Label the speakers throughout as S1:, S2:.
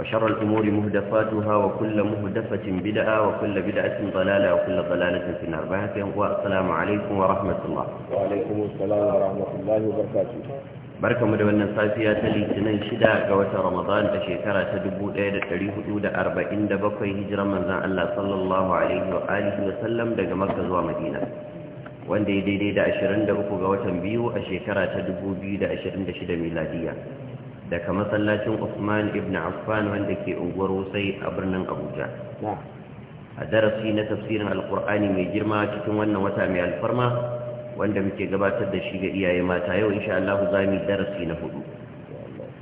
S1: وشر الأمور مهدفاتها وكل مهدفة بدعة وكل بدعة ضلالة وكل ضلالة في النار بهك والسلام عليكم ورحمة الله وعليكم السلام ورحمة الله وبركاته barka da wannan safiya ta litinin shida ga watan ramadan da shekara ta 1447 hijiran manzan Allah sallallahu alaihi wa alihi wa sallam daga makka zuwa madina wanda ya daidai da 23 ga watan biyu a shekara ta 2026 miladiya daga masallacin Usman ibn Affan wanda ke unguwar Wusai a birnin Abuja. A darasi na tafsirin Alƙur'ani mai girma cikin wannan wata mai alfarma wanda muke gabatar da shi ga iyaye mata yau insha Allah za mu darasi na hudu.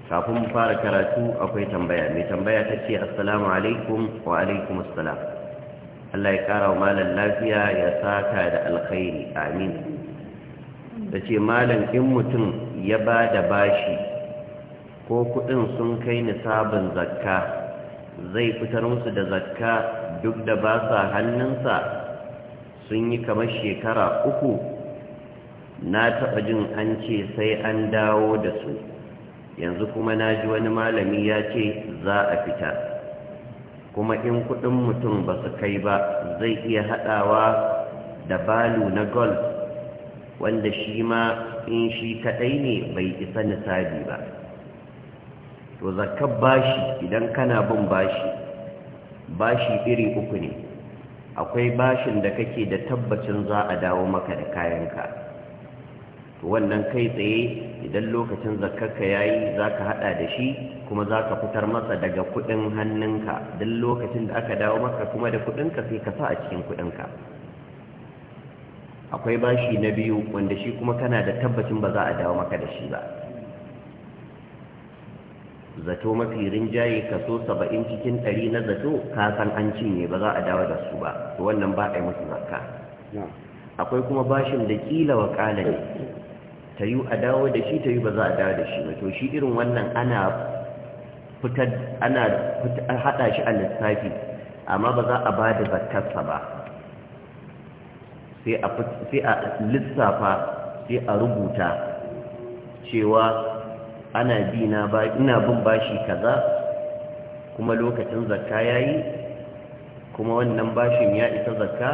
S1: Kafin mu fara karatu akwai tambaya. Mai tambaya ta ce Assalamu alaikum wa alaikum assalam. Allah ya kara wa malam lafiya ya saka da alkhairi. Amin. Ta ce malam in mutum ya ba da bashi ko kuɗin sun kai nisabin zakka zai fitar musu da zakka duk da ba sa hannunsa sun yi kamar shekara uku na taɓa jin an ce sai an dawo da su yanzu kuma na ji wani malami ya ce za a fita kuma in kuɗin mutum ba su kai ba zai iya haɗawa da balu na golf wanda shi ma in shi kaɗai ne bai isa nisabi ba to zakar bashi idan kana bin bashi bashi iri uku ne akwai bashin da kake da tabbacin za a dawo maka da kayanka to wannan kai tsaye idan lokacin ka yayi zaka hada da shi kuma zaka fitar masa daga kudin hannunka duk lokacin da aka dawo maka kuma da kudinka sai ka sa a cikin ka. akwai bashi na biyu wanda shi kuma kana da tabbacin ba za a dawo maka da shi ba zato mafi rinjaye kaso saba'in cikin ɗari na zato kasan an cinye ba za a dawo da su ba wannan ba a yi musu zakka akwai kuma bashin da kila wa kala ne ta yi a dawo da shi ta yi ba za a dawo da shi ba to shi irin wannan ana fitar ana haɗa shi a lissafi amma ba za a ba da zakarsa ba sai a lissafa sai a rubuta cewa ana bi na ba ina bin bashi kaza kuma lokacin zakka yayi kuma wannan bashin ya isa zakka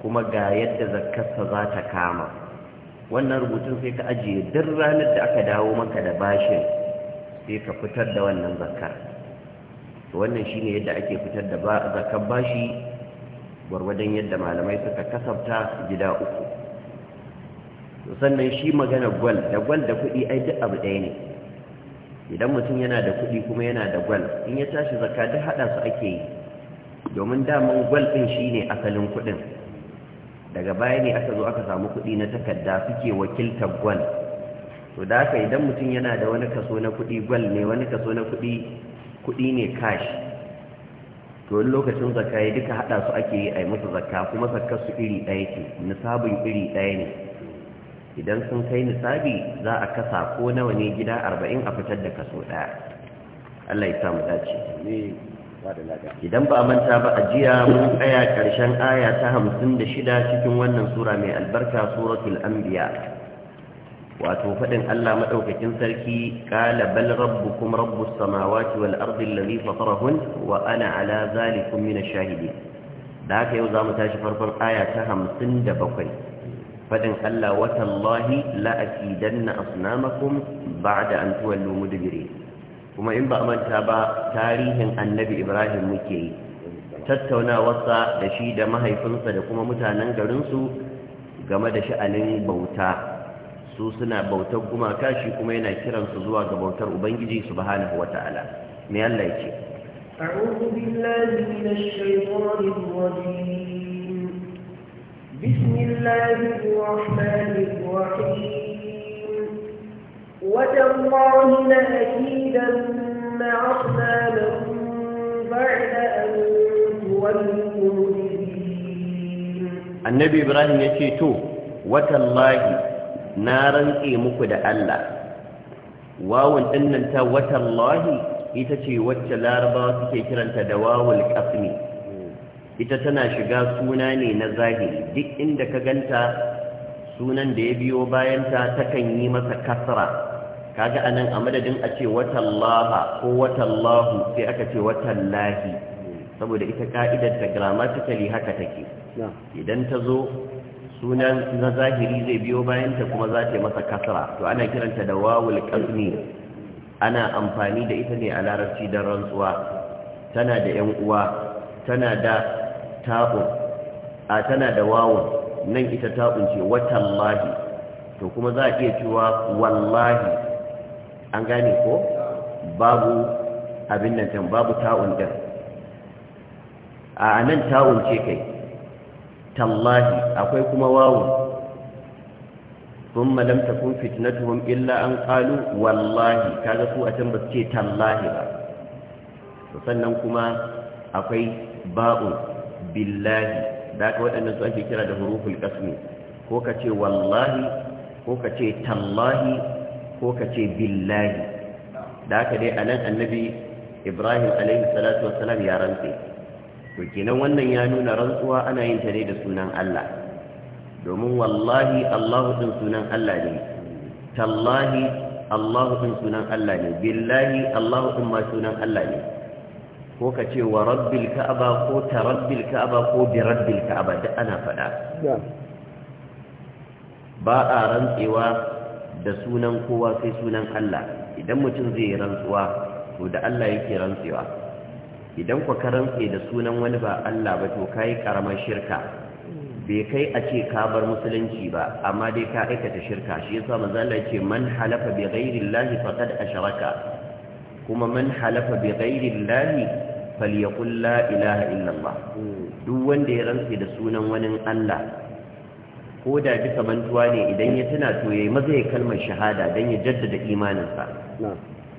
S1: kuma ga yadda zakkarsa za ta kama wannan rubutun sai ka ajiye duk ranar da aka dawo maka da bashin sai ka fitar da wannan zakkar wannan shine yadda ake fitar da zakkar bashi gwargwadon yadda malamai suka kasafta gida uku sannan shi magana gwal da gwal da kuɗi ai duk abu ɗaya ne idan mutum yana da kuɗi kuma yana da gwal in ya tashi zaka duk haɗa su ake yi domin daman gwal ɗin shine asalin kuɗin daga baya ne aka zo aka samu kuɗi na takarda suke wakiltar gwal to da haka idan mutum yana da wani kaso na kuɗi gwal ne wani kaso na kuɗi kuɗi ne cash
S2: to wani lokacin zaka ya duka haɗa su ake yi a yi musu zaka kuma zakkar iri ɗaya ce
S1: nisabin iri ɗaya ne idan sun kai nisabi za a kasa ko nawa ne gida arba'in a fitar da kaso ɗaya Allah ya samu dace idan ba a manta ba a jiya mun tsaya ƙarshen aya ta hamsin da shida cikin wannan sura mai albarka suratul anbiya
S2: wato faɗin Allah
S1: maɗaukakin sarki ƙala bal rabbukum rabbus samawati wal ardi allazi fatarahun wa ana ala zalikum min ash-shahidin da haka yau zamu tashi farkon aya ta 57 faɗin Allah watallahi la'akidanna asnamakum ba'da an tuwallu mudbiri kuma in ba manta ba tarihin annabi Ibrahim muke yi tattaunawarsa da shi da mahaifinsa da kuma mutanen garinsu game da sha'anin bauta su suna bautar gumaka shi kuma yana kiransu zuwa ga bautar Ubangiji subhanahu wata'ala me Allah yake
S2: أعوذ بالله من الشيطان الرجيم بسم الله الرحمن الرحيم وتالله لأكيدن أصنامكم بعد أن تولوا
S1: Annabi Ibrahim ya ce, To, watan lahi, na rantse muku da Allah, Wawun wawon watan lahi ita ce wacce larabawa suke kiranta da wawon ƙasmi, ita tana shiga suna ne na zahiri duk inda ka ganta sunan da ya biyo bayanta takan yi masa kasra kaga anan a madadin a ce watallaha ko watallahu sai aka ce watallahi saboda ita ka'idar ta grammatically haka take idan ta zo sunan na zahiri zai biyo bayanta kuma za ta yi masa kasra to ana kiranta da wawul kasmi ana amfani da ita ne a larabci don rantsuwa tana da 'yan uwa tana da taɓun a tana da wawon nan ita taɓun ce watallahi to kuma za a iya cewa wallahi an gane ko babu abin nan can babu taɓun ɗin a nan taɓun ce kai tallahi akwai kuma wawon sun malam ta kun fitnatuhun illa an ƙalu wallahi ka ga su a can ba su ce tallahi ba sannan kuma akwai ba'un billahi da aka waɗannan su ake kira da huruful kasmi ko ka ce wallahi ko ka ce tallahi ko ka ce billahi da aka dai anan annabi ibrahim alaihi salatu wassalam ya rantse to kenan wannan ya nuna rantsuwa ana yin ta ne da sunan allah domin wallahi allahu din sunan allah ne tallahi allahu din sunan allah ne billahi allahu din ma sunan allah ne ko ka ce wa rabbil ka'aba ko ta rabbil ka'aba ko bi rabbil ka'aba da ana faɗa ba a rantsewa da sunan kowa sai sunan Allah idan mutum zai rantsuwa to da Allah yake rantsewa idan ku ka rantse da sunan wani ba Allah ba to kai karamar shirka bai kai a ce ka bar musulunci ba amma dai ka aikata shirka shi yasa manzo Allah yake man halafa bi ghairi llahi faqad ashraka kuma man halafa bi ghairi llahi falyaqul la ilaha illa allah duk wanda ya rantse da sunan wani Allah ko da bisa mantuwa ne idan ya tuna to yayi maza ya kalmar shahada dan ya jaddada imaninsa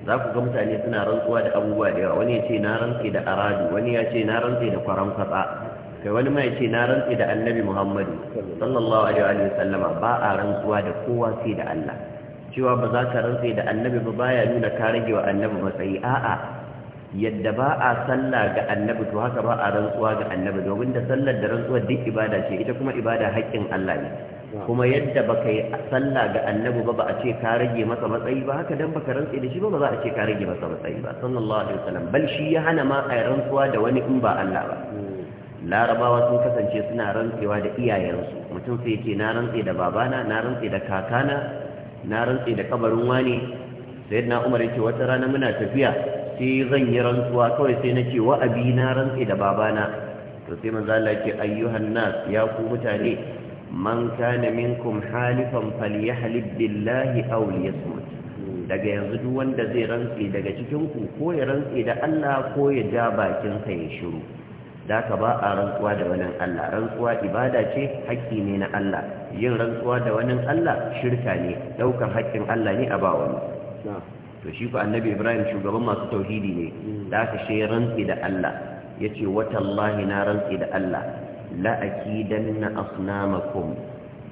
S1: za ku ga mutane suna rantsuwa da abubuwa da yawa wani ya ce na rantse da aradu wani ya ce na rantse da kwaran kwatsa kai wani ma ya ce na rantse da annabi muhammadu sallallahu alaihi wa sallama ba a rantsuwa da kowa sai da Allah cewa ba za ka rantse da annabi ba baya nuna ka rage wa annabi matsayi a'a yadda ba a sallah ga annabi to haka ba a rantsuwa ga annabi domin da sallar da rantsuwar duk ibada ce ita kuma ibada haƙƙin Allah ne kuma yadda ba ka yi sallah ga annabi ba ba a ce ka rage masa matsayi ba haka dan baka rantse da shi ba ba za a ce ka rage masa matsayi ba sallallahu alaihi wasallam bal shi ya hana ma a rantsuwa da wani in ba Allah ba larabawa sun kasance suna rantsewa da iyayensu mutum sai ce na rantse da babana na rantse da kakana na rantse da kabarin wani sai na umar yake wata rana muna tafiya sai zan yi rantsuwa kawai sai na ce wa abi na rantse da babana to sai manzo Allah yake ayyuhan nas ya ku mutane man kana minkum halifan falyahlib billahi aw liyasmut daga yanzu duk wanda zai rantse daga cikin ku ko ya rantse da Allah ko ya ja bakin sa ya shiru da ka ba a rantsuwa da wani Allah rantsuwa ibada ce haƙƙi ne na Allah yin rantsuwa da wani Allah shirka ne ɗaukar haƙƙin Allah ne a ba wani to shi ku annabi ibrahim shugaban masu tauhidi ne mm. da ka shi rantsi da Allah ya ce watallahi na rantsi da Allah la'akidanna asnamakum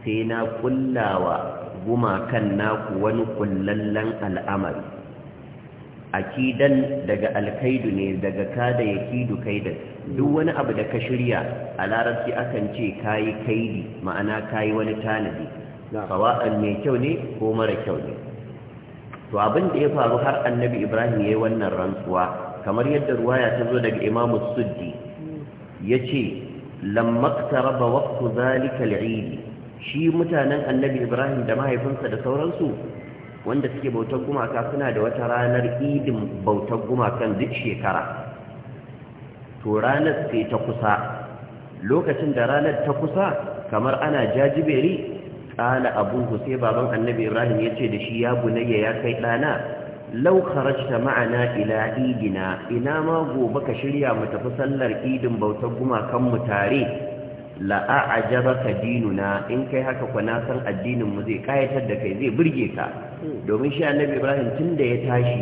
S1: sai na kullawa gumakan naku wani kullallen al'amari akidan daga alkaidu ne daga kada ya kidu kaida duk wani abu da ka shirya a larabci akan ce kayi kaidi ma'ana kayi wani tanadi sawa'an mai kyau ne ko mara kyau ne to abin da ya faru har annabi ibrahim ya yi wannan rantsuwa kamar yadda ruwa ta zo daga imamu suddi ya ce raba waqtu zalika al'idi shi mutanen annabi ibrahim da mahaifinsa da sauransu wanda suke bautar gumaka suna da wata ranar idin bautar gumakan duk shekara to ranar sai ta kusa lokacin da ranar ta kusa kamar ana jajiberi abun ku, sai baban annabi ibrahim ya ce da shi ya bunayya ya kai ɗana lau kharajta ma'ana ila idina ina ma gobe ka shirya mu tafi sallar idin bautar gumakan mu tare la'a a kadinu na in kai haka kwana san addinin mu zai kayatar da kai zai burge ka domin shi annabi Ibrahim tun da ya tashi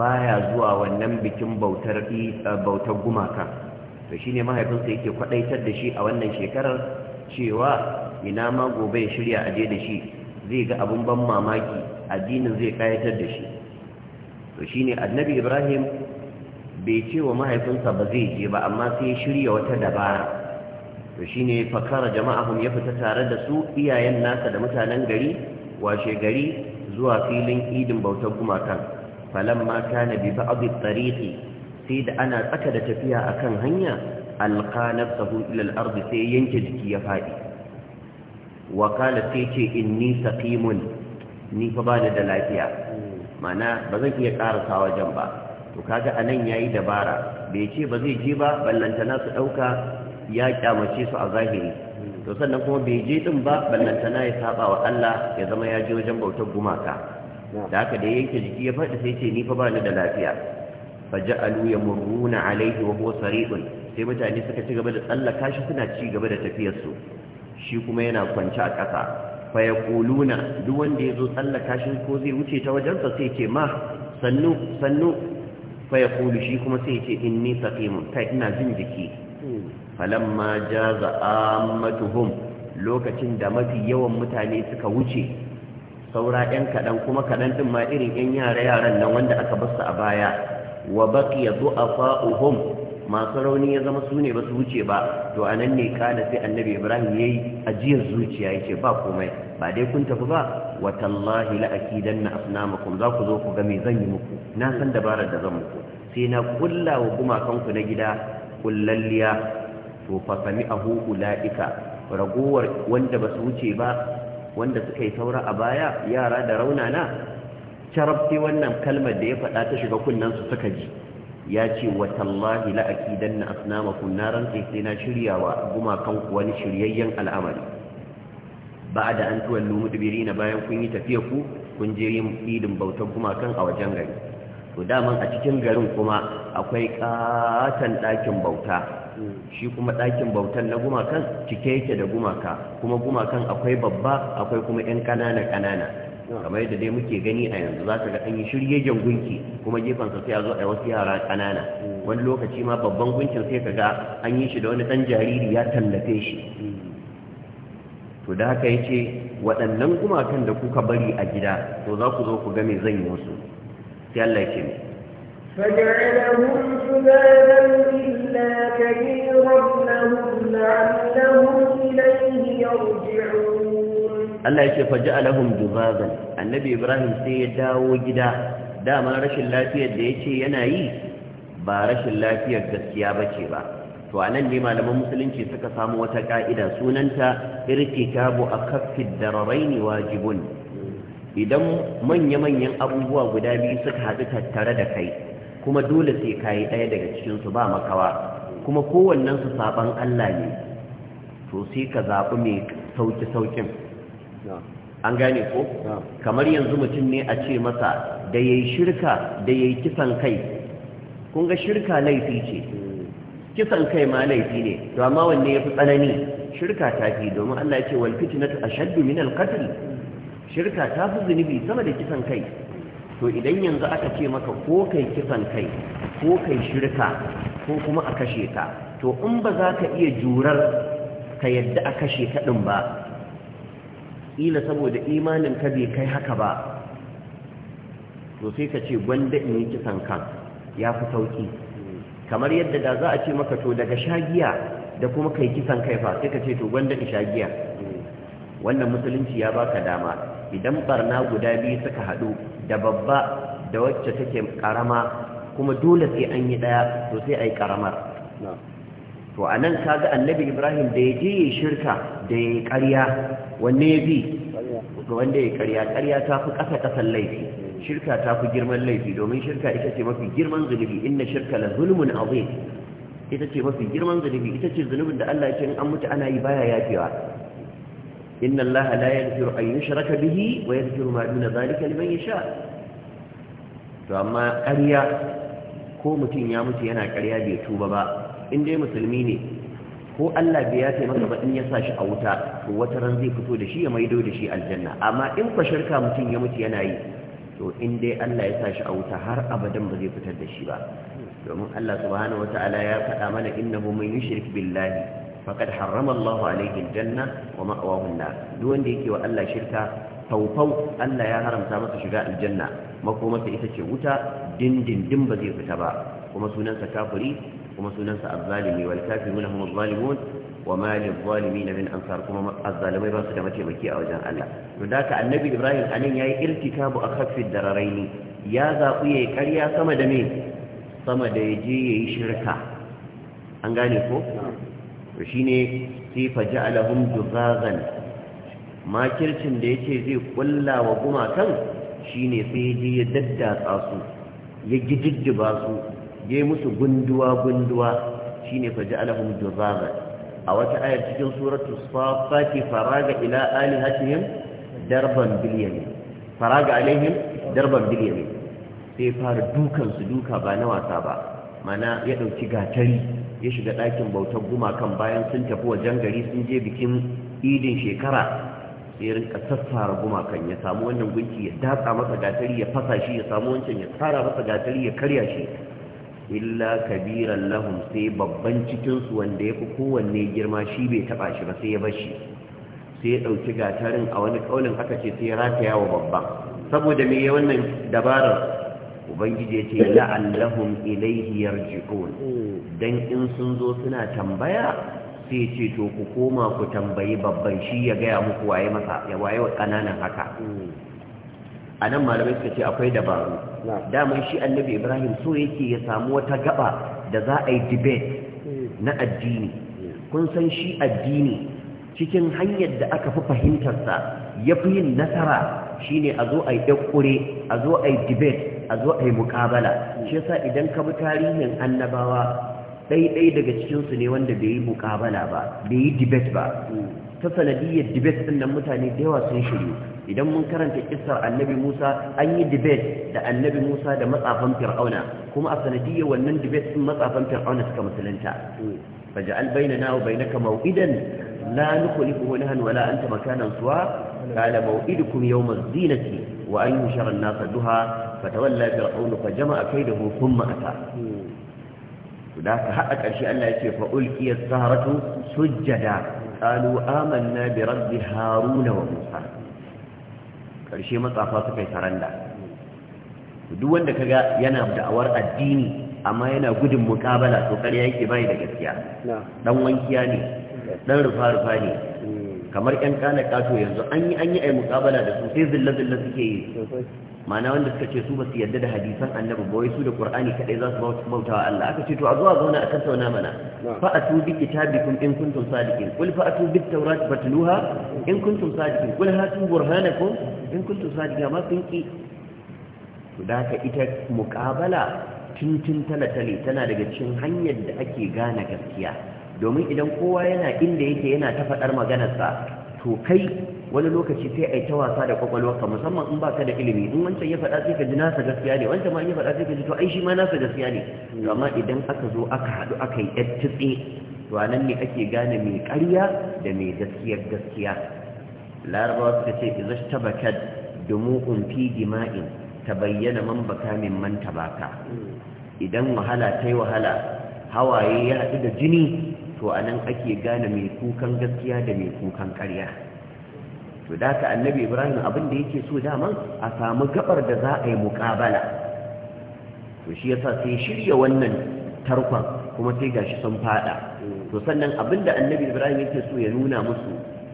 S1: baya zuwa wannan bikin bautar eh, bautar gumaka to shine mahaifinsa yake kwadaitar da shi a wannan shekarar cewa ina ma gobe ya shirya aje da shi zai ga abun ban mamaki addinin zai kayatar da shi to shine annabi Ibrahim bai ce wa mahaifinsa ba zai je ba amma sai ya shirya wata dabara to shine fakara jama'ahum ya fita tare da su iyayen nasa da mutanen gari washe gari zuwa filin idin bautar gumakan falamma mata bi ba'd at-tariqi sai da ana tsaka da tafiya akan hanya alqa nafsahu ila al sai yanke jiki ya faɗi. Wakala sai ce inni saqimun ni fa bani da lafiya mana ba zan iya ƙarasa wajen ba to kaga anan yayi dabara bai ce ba zai je ba ballantana su ɗauka. ya kyamace su a zahiri to sannan kuma bai je din ba ballantana ya saba wa Allah ya zama ya ji wajen bautar gumaka da haka da yake jiki ya faɗi sai ce ni fa ba ni da lafiya faja'alu yamurruna Alayhi wa huwa sariqun sai mutane suka ci gaba da tsallaka shi suna ci gaba da tafiyar su. shi kuma yana kwance a ƙasa fa yaquluna duk wanda ya zo tsallaka shi ko zai wuce ta wajen sai ce ma sannu sannu fa yaqulu shi kuma sai ce in saqimun kai ina jin jiki falamma jaza ammatuhum lokacin da mafi yawan mutane suka wuce saura yan kaɗan kuma kaɗan ɗin ma irin yan yara-yaran nan wanda aka basu a baya wa baqiya du'afa'uhum masu rauni ya zama sune ne ba su wuce ba to a nan ne kada sai annabi ibrahim yayi ajiyar zuciya ya ba komai ba dai kun tafi ba tallahi la na asnamakum za ku zo ku ga me zan yi muku na san dabarar da zan muku sai na kulla wa gumakanku na gida kullalliya to fa sami'ahu ulaika ragowar wanda ba su wuce ba wanda suka yi saura a baya yara da rauna na? carabti wannan kalmar da ya faɗa ta shiga kunnen su suka ji ya ce wa tallahi dan na asnama kunnaran sai na shiryawa gumakan ku wani shiryayyen al'amari ba da an tuwallu mudubiri na bayan kun yi tafiya ku kun je yin idin bautar gumakan a wajen gari to daman a cikin garin kuma akwai ƙaton ɗakin bauta shi kuma ɗakin bautan na gumakan cike yake da gumaka kuma gumakan akwai babba akwai kuma 'yan ƙanana ƙanana kamar yadda dai muke gani a yanzu za ka ga an yi jan gunki kuma sa sai a zo a wasu yara ƙanana wani lokaci ma babban gunkin sai ka ga an yi shi da wani ɗan jariri ya tallafe shi to da haka yace waɗannan gumakan da kuka bari a gida to za ku zo ku ga me zan yi musu sai Allah ya ce
S2: فجعلهم سبابا إلا كبيرا لهم لعلهم إليه يرجعون
S1: الله يشفى جعلهم جبابا النبي إبراهيم سيدا وجدا داما رشل لا تيد ينايي ba rashin lafiyar gaskiya ce ba to anan ne malaman musulunci suka samu wata ka'ida sunanta irtikabu a kaffin dararaini wajibun idan manya-manyan abubuwa guda biyu suka haɗu tattare da kai kuma dole sai ka yi ɗaya daga cikinsu ba makawa kuma kowannensu saɓan Allah ne to sai ka zaɓi mai sauƙi-sauƙin an gane ko kamar yanzu mutum ne a ce masa da ya shirka da ya yi kisan kai kun ga shirka laifi ce kisan kai ma laifi ne to amma wanne ya fi tsanani shirka ta fi domin Allah ya ce wal fitnatu ashaddu min al qatl shirka ta fi zunubi sama da kisan kai to idan yanzu aka ce maka ko kai kisan kai ko kai shirka ko kuma a kashe ka to in ba za ka iya jurar ka yadda a kashe ka ɗin ba ila saboda imanin ka bai kai haka ba to sai ka ce gwanda in yi kisan kan ya fi sauki kamar yadda da za a ce maka to daga shagiya da kuma kai kisan kai fa sai ka ce to gwanda in shagiya wannan musulunci ya baka dama idan barna guda biyu suka haɗu da babba da wacce take karama kuma dole sai an yi daya to sai ai karamar to anan kaga annabi ibrahim da yaje yi shirka da yayi ƙarya wanne ya bi to wanda yayi ƙarya ƙarya ta fi ƙasa ƙasan laifi shirka ta fi girman laifi domin shirka ita ce mafi girman zunubi inna shirka la zulmun azim ita ce mafi girman zunubi ita ce zunubin da Allah ya ce in an mutu ana yi baya yafewa إن الله لا يغفر أن يشرك به ويغفر ما دون ذلك لمن يشاء فأما قرية ko mutum ya mutu yana karya bai tuba ba in dai musulmi ne ko Allah bai yafe masa ba in ya sa a wuta to wata ran zai fito da shi ya maido da shi aljanna amma in fa shirka mutum ya mutu yana yi to in dai Allah ya sa shi a wuta har abadan ba zai fitar da shi ba domin Allah subhanahu ya faɗa mana inna innahu man yushrik billahi faqad harrama Allahu alayhi janna wa ma'wahu an duk wanda yake wa Allah shirka taufau Allah ya haramta masa shiga aljanna makomarsa ita ce wuta dindindin ba zai fita ba kuma sunansa kafiri kuma sunansa azzalimi wal kafiruna hum adh wa ma lidh-dhalimin min ansar kuma azzalimai ba su da mataimaki a wajen Allah to da ka annabi Ibrahim anan yayi irtikabu akhaffi dararaini ya zabu yayi ƙarya sama da me sama da yaje yayi shirka an gane ko to shi ne sai fa ja'alahum dughazan makircin da yace zai kulla wa gumakan shi ne sai je ya daddatsa su ya gijiddiba su ya yi musu gunduwa gunduwa Shi shine fa ja'alahum dughazan a wata ayar cikin suratul safati faraga ila alihatihim darban bilyamin faraga alaihim darban bilyamin sai fara dukan su duka ba na wasa ba mana ya ɗauki gatari ya shiga ɗakin bautar gumakan bayan sun tafi wajen gari sun je bikin idin shekara ya rinka sassara gumakan ya samu wannan gunki ya datsa masa gatari ya fasa shi ya samu wancan ya tsara masa gatari ya karya shi illa kabiran lahum sai babban cikinsu wanda ya fi kowanne girma shi bai taba shi ba sai ya bar shi sai ya ɗauki gatarin a wani ƙaunin aka ce sai ya rataya wa babban saboda me ya wannan dabarar ubangiji yace ce la'allahum ilayhi yarji'un dan in sun zo suna tambaya sai ce to ku koma ku tambayi babban shi ya gaya muku waye masa ya waye kananan haka anan nan malamai suka ce akwai dabaru mun shi annabi ibrahim so yake ya samu wata gaba da za a yi debate hmm. na addini kun san shi addini cikin hanyar da aka fi fahimtarsa ya fi yin nasara shine a zo a yi ɗakkure a zo a yi debate a zo a yi mukabala shi yasa idan ka bi tarihin annabawa ɗaiɗai daga cikinsu ne wanda bai yi mukabala ba bai yi dibet ba ta sanadiyyar dibet ɗin nan mutane da yawa sun shiryu idan mun karanta kisar annabi musa an yi dibet da annabi musa da matsafan fir'auna kuma a sanadiyyar wannan dibet ɗin matsafan fir'auna suka musulunta فجعل بيننا وبينك موئدا لا نخلفه نهن ولا أنت مكانا suwa قال kum يوم الزينة wa an yushara nasa duha bata fir'aunu fa jama'a kaidahu thumma ata to da ka hada karshe Allah yake fa ulqiya as-saharatu sujjada qalu amanna bi rabbi haruna wa musa karshe matsafa suka yi saranda duk wanda kaga yana da'awar addini amma yana gudun mukabala to kariya yake bai da gaskiya dan wankiya ne dan rufa rufa ne kamar ƴan kana kato yanzu an yi an yi ai muqabala da su sai zilla zilla suke yi ma'ana wanda suka ce su ba su yarda da hadisan annabi ba wai su da qur'ani kadai za su bauta wa Allah aka ce to a zuwa zauna a tattauna mana fa atu bi kitabikum in kuntum sadiqin qul fa atu bit tawrat fatluha in kuntum sadiqin qul hatu burhanakum in kuntum sadiqin ma sun ki to da ka ita muqabala tuntun tana tana daga cikin hanyar da ake gane gaskiya domin idan kowa yana inda yake yana ta faɗar maganarsa to kai wani lokaci sai a yi ta wasa da kwakwalwarka musamman in baka da ilimi in wancan ya faɗa sai ka ji nasa gaskiya ne wancan ma in ya faɗa sai ka ji to ai shi ma nasa gaskiya ne amma idan aka zo aka haɗu aka yi ɗan tutse to a nan ne ake gane mai ƙarya da mai gaskiyar gaskiya larabawa suka ce izash tabakat dumu'un fi dima'in ta man baka min man tabaka idan wahala yi wahala hawaye ya haɗu da jini to a nan ake gane mai kukan gaskiya da mai kukan karya to da ka annabi ibrahim abin da yake so daman a samu gabar da za a yi muƙabala to shi yasa sai shirya wannan tarkon kuma sai gashi sun fada to sannan abin da annabi ibrahim yake so ya nuna musu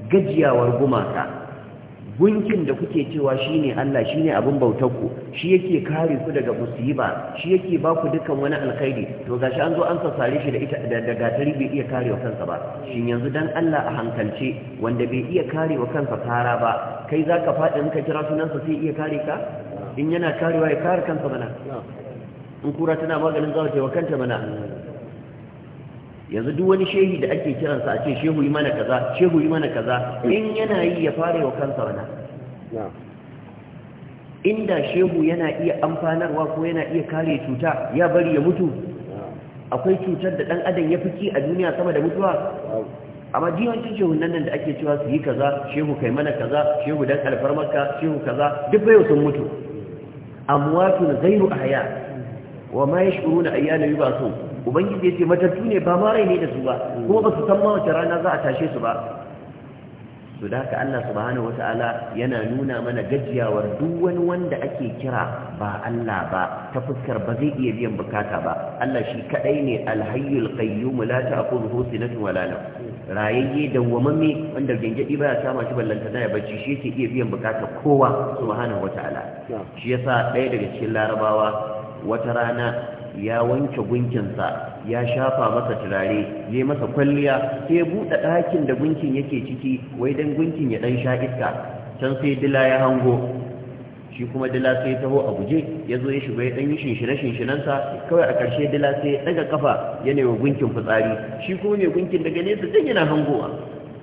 S1: gajiyawar gumaka gunkin da kuke cewa shine Allah shine abin bautar ku shi yake kare ku daga musiba shi yake ba ku dukkan wani alkhairi to gashi an zo an sassare shi da ita da gatari bai iya kare wa kansa ba shin yanzu dan Allah a hankalce wanda bai iya kare wa kansa kara ba kai zaka faɗi in ka kira sunansa sai iya kare ka in yana karewa ya kare kansa mana in kura tana maganin zawo ce wa kanta mana yanzu duk wani shehi da ake kiransa a ce shehu yi mana kaza shehu yi mana kaza in yana yi ya fara wa kansa wana inda shehu yana iya amfanarwa ko yana iya kare cuta ya bari ya mutu akwai cutar da dan adam ya fiki a duniya sama da mutuwa amma wancan shehu nan da ake cewa su yi kaza shehu kai mana kaza shehu dan alfarmarka shehu kaza duk bai sun mutu amwatun ghairu ahya wa ma yashuruna ayyana yubasun ubangiji ya ce matattu ne ba ma rai ne da su ba kuma ba su san ma wace rana za a tashe su ba su da haka Allah subhanahu wata'ala yana nuna mana gajiyawar duk wani wanda ake kira ba Allah ba ta fuskar ba zai iya biyan bukata ba Allah shi kadai ne alhayyul qayyum la ta'khudhuhu sinatun wala nawm rayayye dawwamamme wanda gangadi baya sama shi ballanta da ya bacci shi yake iya biyan bukatar kowa subhanahu wata'ala shi yasa ɗaya daga cikin larabawa wata rana ya wanke gunkinsa ya shafa masa turare ya masa kwalliya sai buɗe ɗakin da gunkin yake ciki wai dan gunkin ya ɗan sha iska can sai dila ya hango shi kuma dila sai ya taho a guje ya zo ya shiga ya ɗan yi shinshine-shinshinensa kawai a ƙarshe dila sai ya ɗaga kafa ya nemi gunkin fitsari shi kuma mai gunkin daga nesa can yana hangowa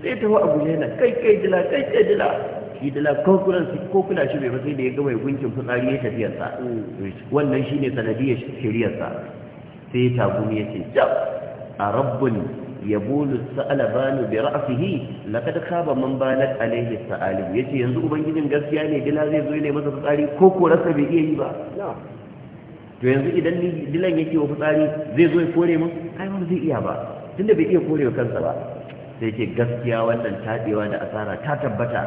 S1: sai ya taho a guje yana kai kai dila kai kai dila idila ko kulan shi ko kula shi bai ba sai da ya ga mai gunkin fitsari ya tafiyar sa wannan shine sanadiyar shiriyar sa sai ya ce jab a rabbun yabulu sa'alabanu na ra'sihi laqad ba man balat alayhi ya ce yanzu ubangijin gaskiya ne dila zai zo ne masa fitsari ko ko rasa bai iya yi ba to yanzu idan dilan yake wa fitsari zai zo ya kore mu kai ba zai iya ba tunda bai iya kore kansa ba sai ce gaskiya wannan taɗewa da asara ta tabbata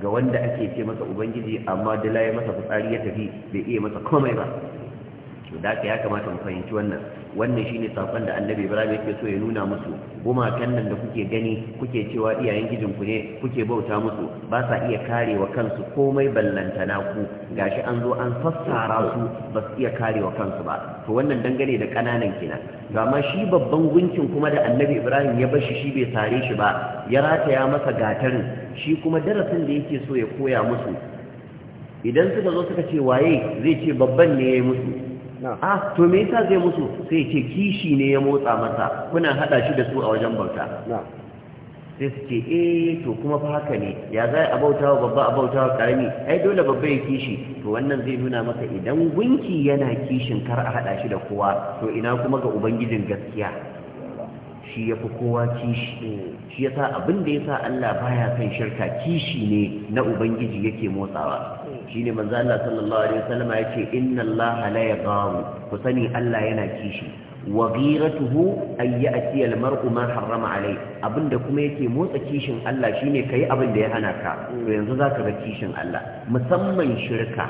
S1: ga wanda ake ce masa ubangiji amma dala ya masa fitsari ya tafi bai iya masa komai ba to da ya kamata mu fahimci wannan wannan shine sakon da annabi ibrahim yake so ya nuna musu gumakan nan da kuke gani kuke cewa iyayen ku ne kuke bauta musu ba sa iya karewa kansu komai ballantana ku gashi an zo an sassara su ba su iya karewa kansu ba to wannan dangane da kananan kina ga ma shi babban gunkin kuma da annabi ibrahim ya bashi shi bai sare shi ba ya rataya masa gatarin shi kuma darasin da yake so ya koya musu idan suka zo suka ce waye zai ce babban ne ya yi musu a ah, to me yasa zai musu sai ce kishi ne ya motsa masa kuna hada shi da su a wajen bauta sai su ce eh to kuma fa haka ne ya za a bauta babba a bauta wa karami ai dole babba ya kishi to wannan zai nuna maka idan gunki yana kishin kar a hada shi da kowa to ina kuma ga ubangijin gaskiya shi ya fi kowa kishi shi ya sa abin da ya sa Allah baya kan shirka kishi ne na ubangiji yake motsawa shine manzo Allah sallallahu alaihi wasallam yace inna Allah la yaghawu ku sani Allah yana kishi wa ghiratuhu ay ya'ti al-mar'u ma harrama alai abinda kuma yake motsa kishin Allah shine kai abin da ya hana ka to yanzu zaka ga kishin Allah musamman shirka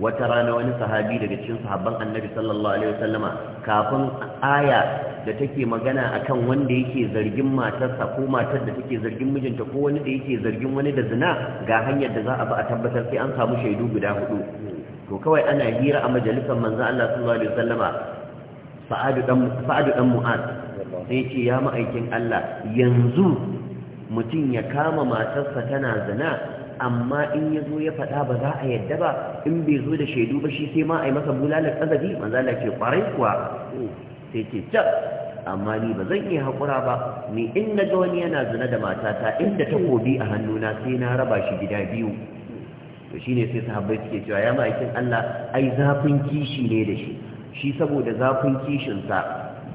S1: wata rana wani sahabi daga cikin sahabban annabi sallallahu alaihi wasallama kafin aya da take magana akan wanda yake zargin matarsa ko matar da take zargin mijinta ko wani da yake zargin wani da zina ga hanyar da za a ba a tabbatar sai an samu shaidu guda hudu to kawai ana hira a majalisar manzo Allah sallallahu alaihi wasallama sa'adu dan sa'adu dan mu'az sai ce ya ma'aikin Allah yanzu mutum ya kama matarsa tana zina amma in ya zo ya faɗa ba za a yadda ba in bai zo da shaidu ba shi sai ma a yi masa bulalar ƙazafi manzala ce ƙwarai kuwa sai ce can amma ni ba zan iya haƙura ba ni in na ga wani yana zina da matata inda ta takobi a hannuna sai na raba shi gida biyu to shi ne sai sahabbai suke cewa ya ma'aikin Allah ai zafin kishi ne da shi shi saboda zafin kishinsa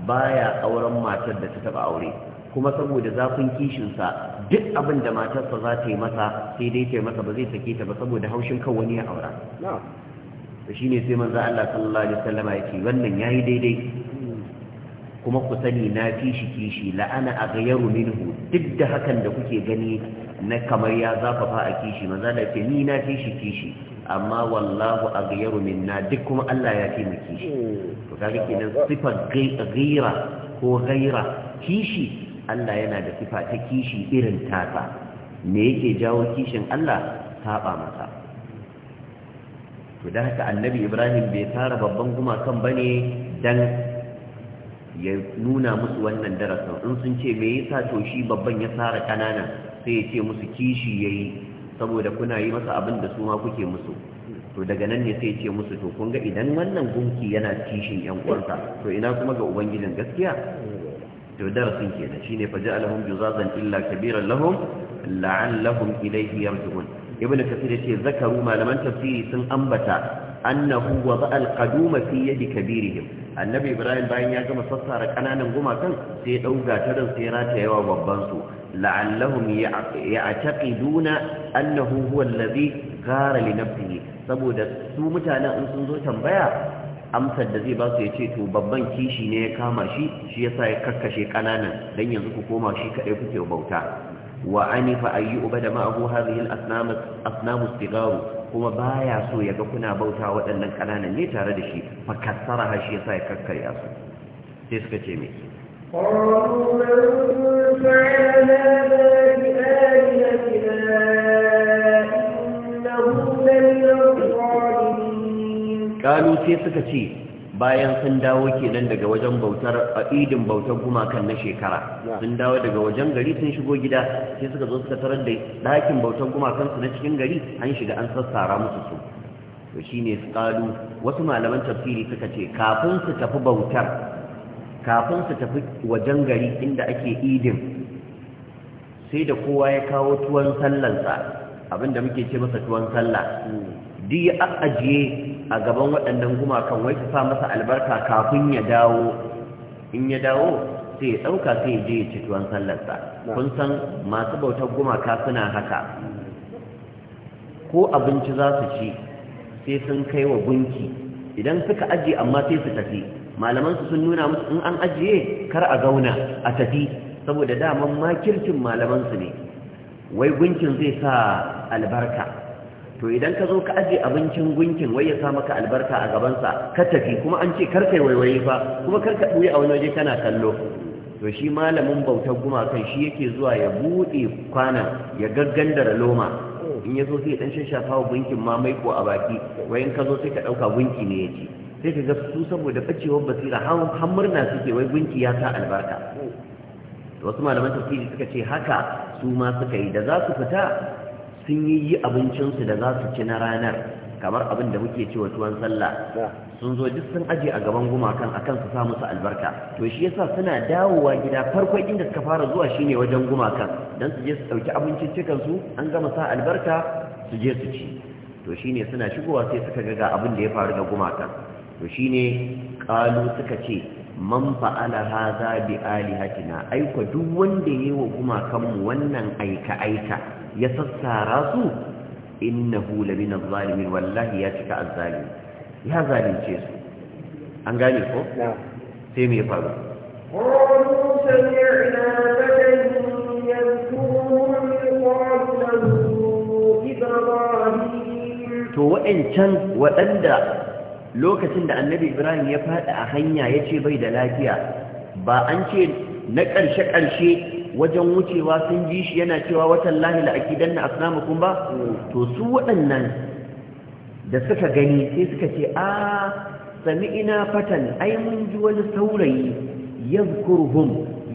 S1: baya auren matar da ta taɓa aure kuma saboda zafin kishinsa duk abin da matarsa za ta yi masa sai dai ta yi masa ba zai sake ta ba saboda haushin kan wani ya aura da shi ne sai manza Allah sallallahu alaihi wasallama ya ce wannan yayi daidai kuma ku sani na fi shi kishi la'ana a gayaru minhu duk da hakan da kuke gani na kamar ya zafafa a kishi maza da ce ni na fi shi kishi amma wallahu a gayaru minna duk kuma Allah ya fi mu kishi hmm. to kaga kenan sifar gaira ko gaira kishi Allah yana da sifa ta kishi irin tasa me yake jawo kishin Allah saba masa to da haka annabi Ibrahim bai tara babban gumakan bane dan ya nuna musu wannan darasin in sun ce me yasa to shi babban ya tara kanana sai ya ce musu kishi yayi saboda kuna yi masa abin da su ma kuke musu to daga nan ne sai ya ce musu to kun ga idan wannan gunki yana kishin yan uwansa to ina kuma ga ubangijin gaskiya to darasin kenan shine faja'alahum juzazan illa kabiran lahum la'allahum ilayhi yarji'un ibnu kathir yace zakaru malaman tafsiri sun ambata annahu wada alqaduma fi yadi kabirihim annabi ibrahim bayan ya gama fassara kananan gumakan sai ya dauga ta dan sai rata yawa babban su la'allahum ya'taqiduna annahu huwa alladhi ghara li nafsihi saboda su mutanen in sun zo tambaya amsar da zai ba su ya ce to babban kishi ne ya kama shi shi ya sa ya karkashe kananan don yanzu ku koma shi kadai kuke bauta wa anifa ayi yi uba da ma'abu asnam asnamu sigaru kuma baya so ya ga kuna bauta waɗannan kananan ne tare da shi fa kassara shi ya sa ya karkarya su sai suka ce me
S2: قالوا
S1: kalu sai suka ce bayan sun dawo kenan daga wajen bautar a idin bautar gumakan na shekara sun dawo daga wajen gari sun shigo gida sai suka zo suka tarar da dakin bautar gumakan su na cikin gari an shiga an sassara musu su to shine kalu wasu malaman tafsiri suka ce kafin su tafi bautar kafin su tafi wajen gari inda ake idin sai da kowa ya kawo tuwon sallansa abinda muke ce masa tuwon sallah hmm. duk ya ajiye a gaban waɗannan gumakan wai su sa masa albarka kafin ya dawo in ya dawo sai ya ɗauka sai ya je ya ci tuwon sallarsa kun san masu bautar gumaka suna haka ko abinci za su ci sai sun kai wa gunki idan suka ajiye amma sai su tafi malaman su sun nuna musu in an ajiye kar a zauna a tafi saboda daman makircin malaman su ne wai gunkin zai sa albarka to idan ka zo ka aje abincin gunkin wai ya sa maka albarka a gabansa ka tafi kuma an ce kar kai waiwaye fa kuma kar ka buye a wani waje kana kallo to shi malamin bautar gumakan shi yake zuwa ya buɗe kwanan ya gaggandara loma in ya zo sai dan shan wa gunkin ma mai ko a baki wai in ka zo sai ka ɗauka gunki ne ya ci sai ka ga su saboda bacewar basira har murna suke wai gunki ya sa albarka wasu malaman tafsiri suka ce haka su ma suka yi da za su fita sun yi yi abincinsu da za su ci na ranar kamar abin da muke cewa tuwon sallah sun zo duk sun ajiye a gaban gumakan akan su sa musu albarka to shi yasa suna dawowa gida farkon inda suka fara zuwa shine wajen gumakan dan su je su dauki abincin cikin su an gama sa albarka su je su ci to shine suna shigowa sai suka ga abin da ya faru da gumakan to shine kalu suka ce man fa'ala hadha bi alihatina aiko duk wanda yayi wa gumakan mu wannan aika aika ya sassara su innahu labina zalimin wallahi ya cika azzalimi ya zalunce su an gane ko sai me faru
S2: قالوا سمعنا فتى يذكرهم قال له إبراهيم
S1: تو وإن lokacin da annabi ibrahim ya fada a hanya ya ce bai da lafiya ba an ce na ƙarshe-ƙarshe wajen wucewa sun ji shi yana cewa watan lahi la'akidan na asnamukum ba mm. to su waɗannan da suka gani sai suka ce a sami ina fatan ai mun ji wani saurayi yadhkuruhum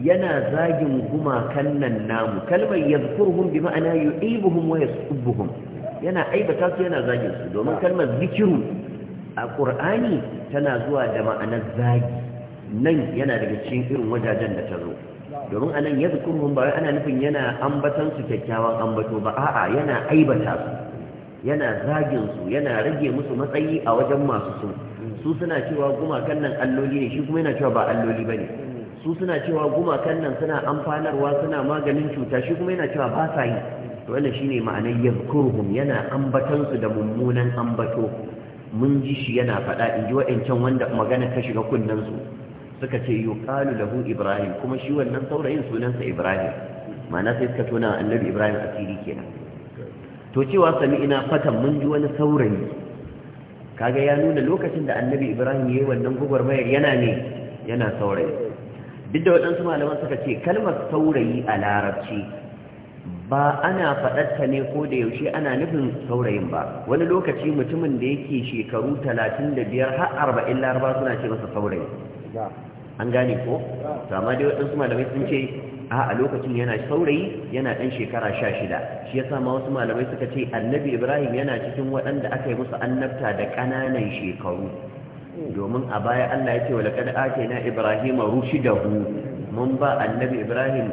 S1: yana zagin gumakan nan namu kalmar yadhkuruhum bi ma'ana yu'ibuhum wa yasubbuhum yana aibata su yana zagin su domin kalmar zikiru a qur'ani tana zuwa da ma'anar zagi nan yana daga cikin irin wajajen da ta zo domin anan ya zukurhum ba ana nufin yana ambatan su kyakkyawan ambato ba a'a yana aibata su yana zagin su yana rage musu matsayi a wajen masu su su suna cewa gumakan nan alloli ne shi kuma yana cewa ba alloli bane su suna cewa gumakan nan suna amfanarwa suna maganin cuta shi kuma yana cewa ba sa yi to wannan shine ma'anar yazkurhum yana ambatan su da mummunan ambato mun ji shi yana faɗa in ji wa'ancan wanda magana ta shiga kunnen su suka ce yuqalu lahu ibrahim kuma shi wannan saurayin sunansa ibrahim ma'ana sai suka tona annabi ibrahim asiri kenan to cewa sami ina fatan mun ji wani saurayi kaga ya nuna lokacin da annabi ibrahim ya yi wannan gwagwarmayar yana ne yana saurayi duk da waɗansu malaman suka ce kalmar saurayi a larabci ba ana faɗarta ne ko da yaushe ana nufin saurayin ba wani lokaci mutumin da yake shekaru talatin da biyar har arba'in laraba suna ce masa saurayi an gane ko to amma dai waɗansu malamai sun ce a lokacin yana saurayi yana ɗan shekara sha shida shi yasa ma wasu malamai suka ce annabi ibrahim yana cikin waɗanda aka yi musu annabta da ƙananan shekaru domin a baya allah ya ce wa laƙar ake na ibrahim hu mun ba annabi ibrahim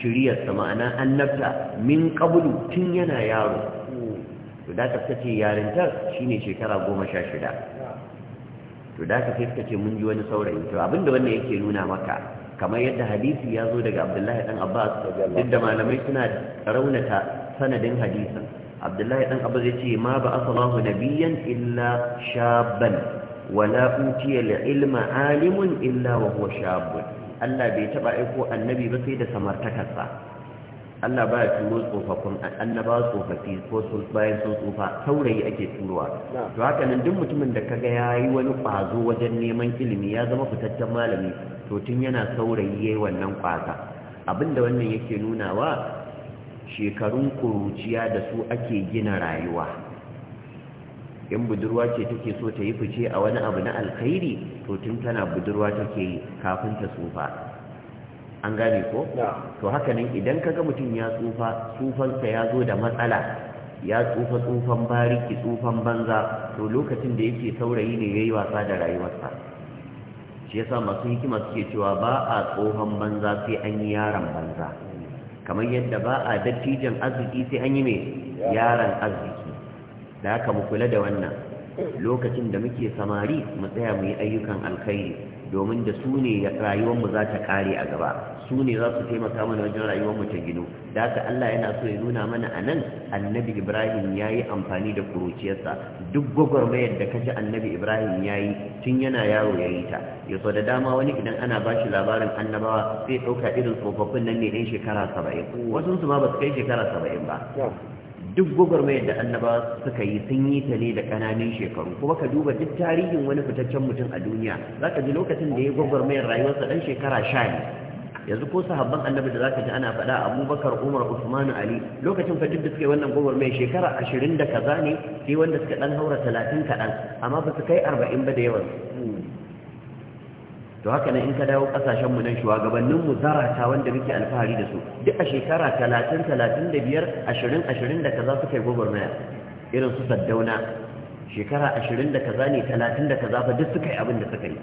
S1: shiriyarsa ma'ana annabta min ƙabulu tun yana yaro to da ka ce yarintar shine shekara goma sha shida to da ka sai suka ce mun ji wani saurayi to abinda wannan yake nuna maka kamar yadda hadisi ya zo daga abdullahi dan abbas duk da malamai suna raunata sanadin hadisin abdullahi dan abbas ya ce ma ba asalahu biyan illa shabban wala utiya ilma alimun illa wa huwa Allah bai taba aiko annabi ba sai da samartakarsa Allah ba ya turo tsofaffin annaba tsofaffi ko bayan sun tsufa saurayi ake turuwa. to haka nan duk mutumin da kaga yayi wani kwazo wajen neman ilimi ya zama fitaccen malami to tun yana saurayi yayi wannan kwasa. abinda wannan yake nuna wa? shekarun kuruciya da su ake gina rayuwa in budurwa ce take so ta yi fice a wani abu na alkhairi to tun tana budurwa take yi kafin ta tsufa an gane ko to haka nan idan kaga mutum ya tsufa tsufansa ya zo da matsala ya tsufa tsufan bariki tsufan banza to lokacin da yake saurayi ne yayi wasa da rayuwarsa shi yasa masu hikima suke cewa ba a tsohon banza sai an yi yaron banza kamar yadda ba a dattijan arziki sai an yi mai yaron arziki da haka mu kula da wannan lokacin da muke samari mu tsaya mu yi ayyukan alkhairi domin da su ne rayuwarmu za ta kare a gaba su ne za su taimaka mana wajen rayuwarmu ta gino da haka Allah yana so ya nuna mana a nan annabi Ibrahim ya yi amfani da kuruciyarsa duk gwagwarmayar da kaji annabi Ibrahim ya yi tun yana yaro ya yi ta ya so da dama wani idan ana ba shi labarin annabawa sai ɗauka irin tsofaffin nan ne ɗan shekara saba'in wasu su ma ba su kai shekara saba'in ba duk gwagwarmayar da annaba suka yi sun yi ta ne da ƙananan shekaru kuma ka duba duk tarihin wani fitaccen mutum a duniya za ka ji lokacin da ya gwagwarmayar rayuwarsa ɗan shekara sha ne yanzu ko sahabban annabi da za ka ji ana faɗa abubakar umar usmanu ali lokacin fa duk da yi wannan gwagwarmayar shekara ashirin da kaza ne sai wanda suka ɗan haura talatin kaɗan amma ba su kai arba'in ba da yawan to haka nan in ka dawo kasashen nan shugabannin zarata wanda muke alfahari da su duk a shekara 30 35 20 20 da kaza suka yi gwagwarmaya irin su saddauna shekara 20 da kaza ne 30 da kaza fa duk suka yi abin da suka yi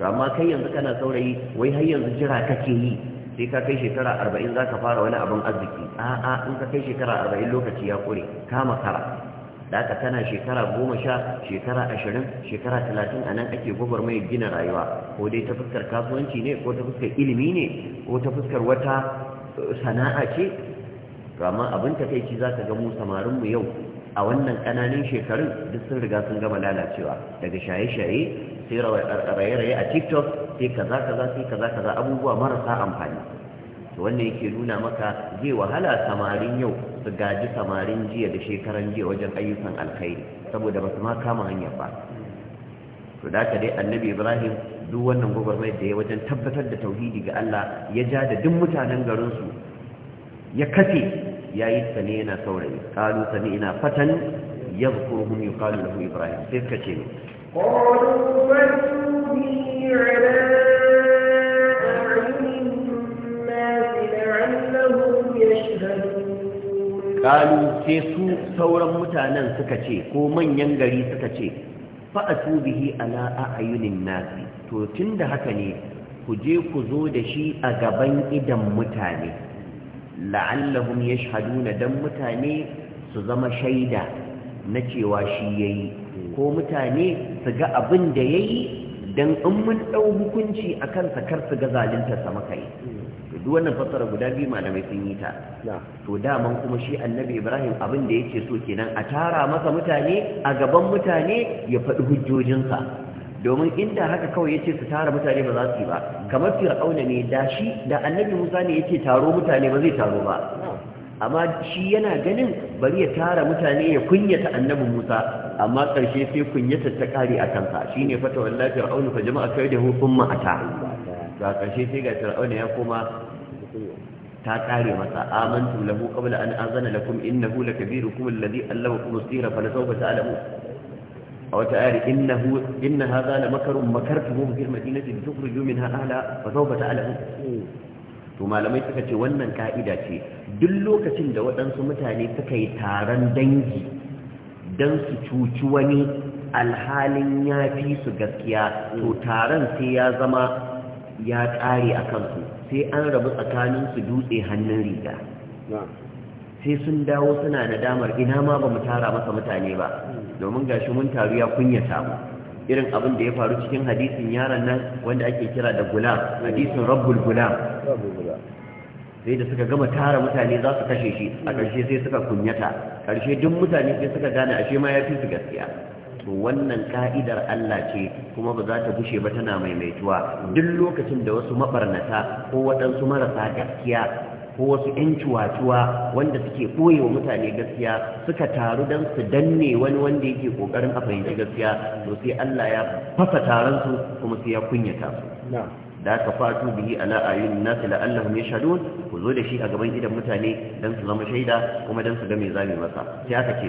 S1: to amma kai yanzu kana saurayi wai har yanzu jira ka ke yi sai ka kai shekara 40 ka fara wani abin arziki a'a in ka kai shekara 40 lokaci ya kure ka makara da aka tana shekara goma sha shekara ashirin shekara talatin a nan ake gobar mai gina rayuwa ko dai ta fuskar kasuwanci ne ko ta fuskar ilimi ne ko ta fuskar wata eh, sana'a ce amma abin ta takaici za ka ga mu samarinmu yau a wannan ƙananan shekarun duk sun riga sun gama lalacewa daga shaye-shaye sai raye-raye a tiktok sai kaza kaza sai kaza kaza abubuwa marasa amfani wannan yake nuna maka zai wahala samarin yau su gaji samarin jiya da shekaran jiya wajen ayyukan alkhairi saboda ba su ma kama hanyar ba to da ka dai annabi ibrahim duk wannan gwagwarmai da ya wajen tabbatar da tauhidi ga allah ya ja da duk mutanen garinsu ya kafe ya yi sane yana saurayi kalu sani ina fatan ya hun yi kalu lahu ibrahim sai suka ce
S2: ne kalu
S1: sai su sauran mutanen suka ce ko manyan gari suka ce fa'atu bihi ala a'yunin nasi to tunda haka ne ku je ku zo da shi a gaban idan mutane la'allahum yashhaduna dan mutane su zama shaida na cewa shi yayi ko mutane su ga abin da yayi dan in mun dau hukunci akan sakar su ga zalunta sama kai duk wannan fassara guda biyu malamai sun yi ta to daman kuma shi annabi ibrahim abin da yake so kenan a tara masa mutane a gaban mutane ya faɗi hujjojinsa domin inda haka kawai yace su tara mutane ba za su yi ba kamar fir'auna ne da shi da annabi musa ne yace taro mutane ba zai taro ba amma shi yana ganin bari ya tara mutane ya kunyata annabi Musa amma karshe sai kunyata ta kare a kansa shine fata wallafi fir'aun fa jama'a kai da hukumma ata ga ƙarshe sai ga fir'auna ya koma ta kare masa amantu lahu qabla an azana lakum innahu lakabirukum alladhi allamakum sirra falasawfa ta'lamu aw ta'ari innahu inna hadha lamakarun makartuhum fil madinati tukhruju minha ahla fasawfa ta'lamu to malamai suka ce wannan ka'ida ce duk lokacin da waɗansu mutane suka yi taron dangi don su cuci wani alhalin ya fi su gaskiya to taron sai ya zama ya ƙare a kansu sai an rabu tsakanin su dutse hannun riga sai sun dawo suna damar ina ma ba mu tara masa mutane ba domin gashi mun taru ya kunyata samu irin abin da ya faru cikin hadisin yaron nan wanda ake kira da gula hadisin rabbul gula sai da suka gama tara mutane za su kashe shi a ƙarshe sai suka kunyata ƙarshe duk mutane sai suka gane ashe ma ya fi su gaskiya to wannan ka'idar Allah ce kuma ba za ta bushe ba tana maimaituwa duk lokacin da wasu mabarnata ko waɗansu marasa gaskiya ko wasu 'yan cuwa-cuwa wanda suke koyewa mutane gaskiya suka taru don su danne wani wanda yake kokarin a fahimci gaskiya to sai Allah ya fasa taron su kuma sai ya kunyata su da ka fatu bihi ala ayyun nas la'allahum yashhadun ku zo da shi a gaban gidan mutane don su zama shaida kuma don su ga me zamu masa sai aka ce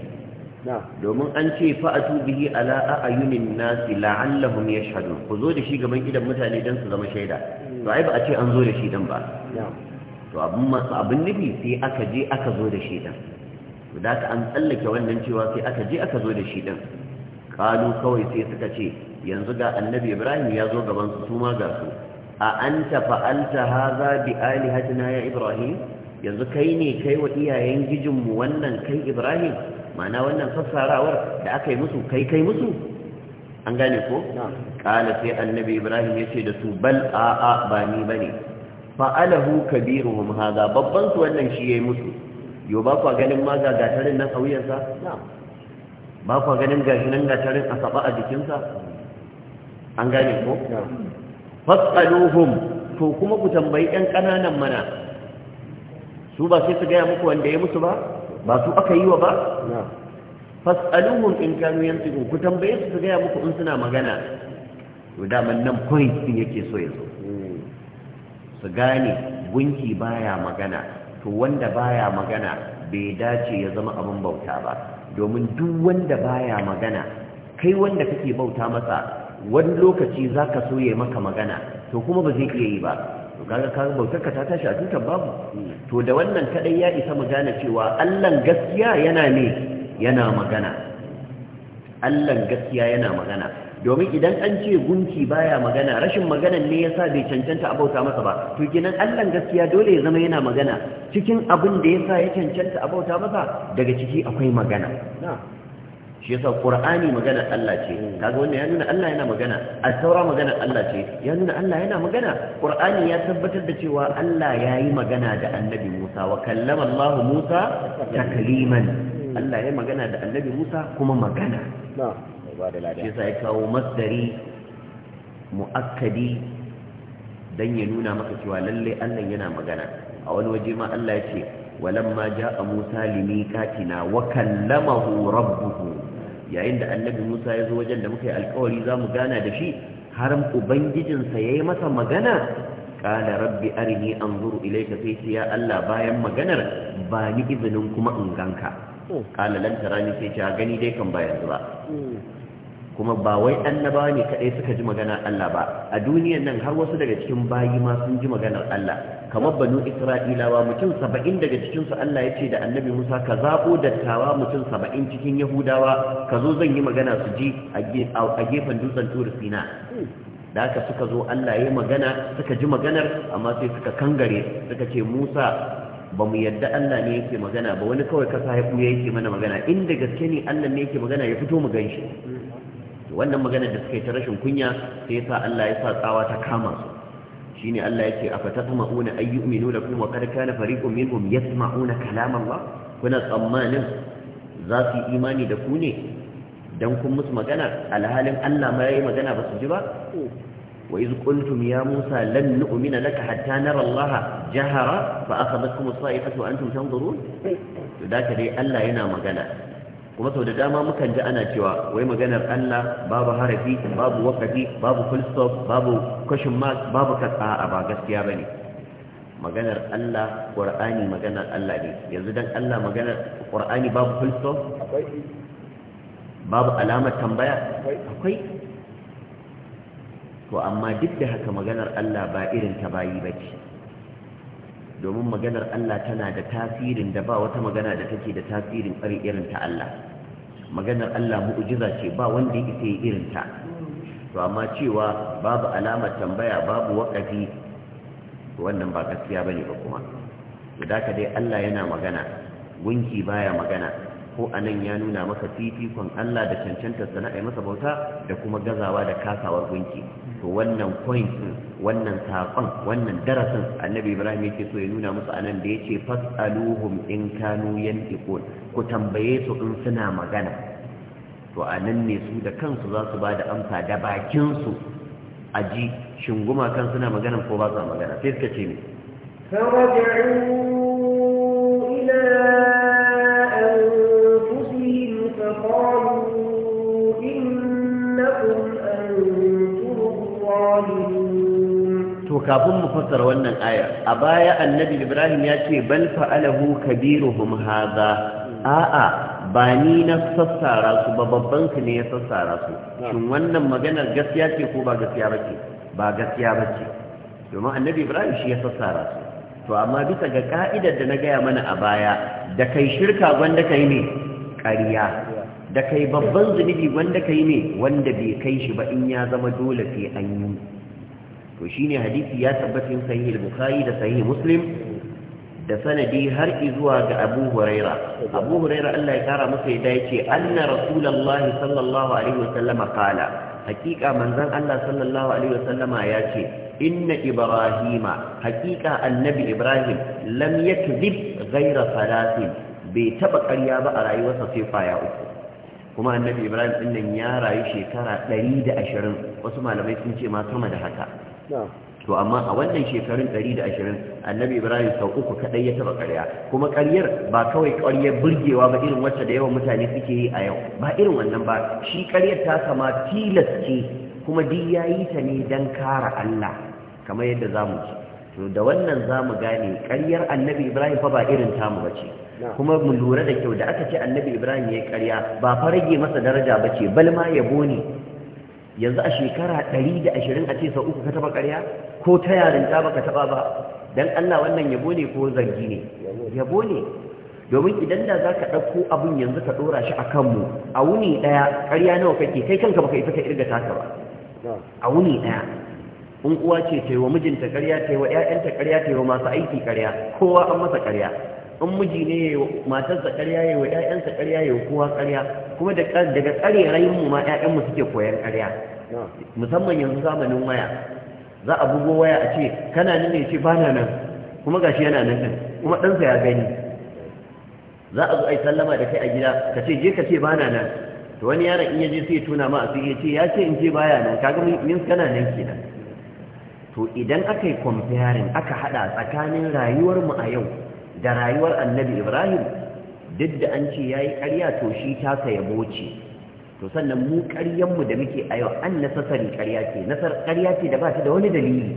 S1: domin an ce fa'atu bihi ala ayunin nasi la'allahum yashhadun ku zo da shi gaban idan mutane don su zama shaida to ai ba a ce an zo da shi dan ba to abin nufi sai aka je aka zo da shi dan to da ka an tsallake wannan cewa sai aka je aka zo da shi dan kalu kawai sai suka ce yanzu ga annabi ibrahim ya zo gaban su su ma ga su a anta fa'alta hadha bi alihatina ya ibrahim yanzu kai ne kai wa iyayen gijinmu wannan kai ibrahim ma'ana wannan fassarawar da aka yi musu kai kai musu an gane ko kala sai annabi ibrahim ya ce da su bal a'a ba ni bane fa'alahu kabiruhum hadha babban su wannan shi yayi musu yo ba kwa ganin maza gatarin nan a wuyansa ba kwa ganin gashi nan gatarin a saba a jikinsa an gane ko fasaluhum to kuma ku tambayi yan ƙananan mana su ba sai su gaya muku wanda ya musu ba ba su aka yi wa ba fas'aluhum in kanu yantiqun ku tambaye su gaya ga muku in suna magana to daman nan point din yake so ya zo hmm. su gane gunki baya magana to wanda baya magana bai dace ya zama abin bauta ba domin duk wanda baya magana kai wanda kake bauta masa wani lokaci zaka so ya maka magana to kuma ba zai iya yi ba to kaga ka bautar ka ta tashi a tutar babu to da wannan kadai ya isa mu gane cewa Allah gaskiya yana ne yana magana Allah gaskiya yana magana domin idan an ce gunki baya magana rashin maganan ne yasa bai cancanta a bauta masa ba to kenan Allah gaskiya dole ya zama yana magana cikin abin da yasa ya cancanta a bauta masa daga ciki akwai magana shi yasa qur'ani magana Allah ce kaga wannan ya nuna Allah yana magana at-taura magana Allah ce ya nuna Allah yana magana qur'ani ya tabbatar da cewa Allah yayi magana da annabi Musa wa kallama Allah Musa takliman Allah yayi magana da annabi Musa kuma magana shi yasa ya kawo masdari muakkadi dan ya nuna maka cewa lalle Allah yana magana a wani waje ma Allah ya ce walamma a Musa limiqatina wa kallamahu rabbuhu yayin da annabi musa ya zo wajen da muka yi alkawari za mu gana da shi har ubangijinsa ya yi masa magana Kala rabbi arini an zuru ilaika sai ce ya allah bayan maganar ba ni izinin kuma in ganka ƙala lantara ni sai ce gani dai kan bayan ba kuma ba wai Annaba ne kaɗai suka ji maganar allah ba a duniyan nan har wasu daga cikin bayi ma sun ji maganar allah kamar banu isra'ilawa mutum saba'in daga cikinsu Allah ya ce da annabi musa ka zaɓo dattawa mutum saba'in cikin yahudawa ka zo zan yi magana su ji a gefen dutsen turifina da haka suka zo Allah ya magana suka ji maganar amma sai suka kangare suka ce musa ba mu yadda Allah ne yake magana ba wani kawai kasa ya ɓuya yake mana magana inda gaske ne Allah ne yake magana ya fito mu gan shi wannan magana da suka yi ta rashin kunya sai ya sa Allah ya sa tsawa ta kama su shine Allah yake afatatma'una ay yu'minu lakum wa qad kana fariqun minhum yasma'una kalam Allah kuna tsammanin za su imani da ku ne dan kun musu magana alhalin Allah ma yayi magana ba su ji ba wa iz qultum ya Musa lan nu'mina laka hatta nara Allah jahara fa akhadhakum as-sa'ifatu wa antum tanzurun to da dai Allah yana magana kuma sau da dama mukan ji ana cewa wai maganar Allah babu harafi babu wakafi babu full stop babu question mark babu katsa a ba gaskiya bane maganar Allah Qur'ani maganar Allah ne yanzu don Allah maganar Qur'ani babu full stop babu alamar tambaya akwai to amma duk da haka maganar Allah ba irin ta bayi bace domin maganar Allah tana da tasirin da ba wata magana da take da tasirin tsari irin ta Allah maganar Allah mu'ujiza ce ba wanda ya isa irin ta to amma cewa babu alamar tambaya babu wakafi wannan ba gaskiya ne ba kuma to da dai Allah yana magana gunki baya magana ko anan ya nuna maka fifikon Allah da cancantar sana'ai masa bauta da kuma gazawa da kasawar gunki to wannan point wannan saƙon wannan darasin annabi ibrahim yake so ya nuna musu anan da yace fasaluhum in kanu yantiqun ku tambaye su in suna magana to anan ne su da kansu za su bada amsa da bakin su aji shin kan suna magana ko ba su magana sai suka ce ne
S2: فرجعوا
S1: to kafin mu fassara wannan aya a baya annabi ibrahim ya ce bal fa'alahu kabiruhum hadha a'a ba ni na sassara su ba babban su ne ya sassara su shin wannan maganar gaskiya ce ko ba gaskiya bace ba gaskiya bace domin annabi ibrahim shi ya sassara su to amma bisa ga ka'idar da na gaya mana a baya da kai shirka gwanda kai ne ƙarya da kai babban zunubi wanda kai ne wanda bai kai shi ba in ya zama dole sai an yi to shine hadisi ya tabbatin sahih bukhari da sahih muslim da sanadi har zuwa ga abu huraira abu huraira Allah ya kara masa yadda yace anna rasulullahi sallallahu alaihi wasallama qala hakika manzon Allah sallallahu alaihi wasallama yace inna ibrahima haƙiƙa annabi ibrahim lam yakzib ghayra salatin bai taba ƙarya ba a rayuwarsa sai faya uku kuma annabi ibrahim din nan ya rayu shekara 120 wasu malamai sun ce ma sama da haka to amma a wannan shekarun 120 annabi ibrahim sau uku kadai ya taba karya, kuma karyar ba kawai karyar burgewa ba irin wacce da yawan mutane suke yi a yau ba irin wannan ba shi karyar ta kama tilas ce kuma duk yi ta ne don kara Allah kamar yadda zamu ci to da wannan zamu gane karyar annabi ibrahim fa ba irin tamu ce kuma mu lura da kyau da aka ce annabi ibrahim ya yi karya ba fa rage masa daraja ba ce balma ya bone. yanzu a shekara ɗari da a ce sau uku ka taba karya ko ta yarin ba ka taɓa ba don allah wannan ya ne ko zargi ne ya bone. domin idan da zaka ka ɗauko abin yanzu ka dora shi a kanmu a wuni ɗaya ƙarya nawa kake kai kanka baka isa ka irga taka ba a wuni ɗaya in uwa ce ta wa mijinta ƙarya ta wa 'ya'yanta ƙarya ta wa masu aiki ƙarya kowa an masa ƙarya in miji ne ya yi matarsa ƙarya ya yi wa ƴaƴansa ƙarya ya yi kowa ƙarya kuma daga rayun mu ma mu suke koyan ƙarya musamman yanzu zamanin waya za a bugo waya a ce kana nan ya ce ba na nan kuma gashi yana nan ɗin kuma ɗansa ya gani za a zo a yi sallama da kai a gida ka ce je ka ce ba na nan to wani yaron in ya je sai ya tuna ma a sai ya ce ya ce in ce baya nan kaga min kana nan kenan to idan aka yi comparing aka hada tsakanin rayuwarmu a yau da rayuwar annabi ibrahim duk da an ce ya yi ƙarya to shi taka yabo ce to sannan mu ƙaryanmu da muke a yau an nasasari ƙarya ce nasar ƙarya ce da ba ta da wani dalili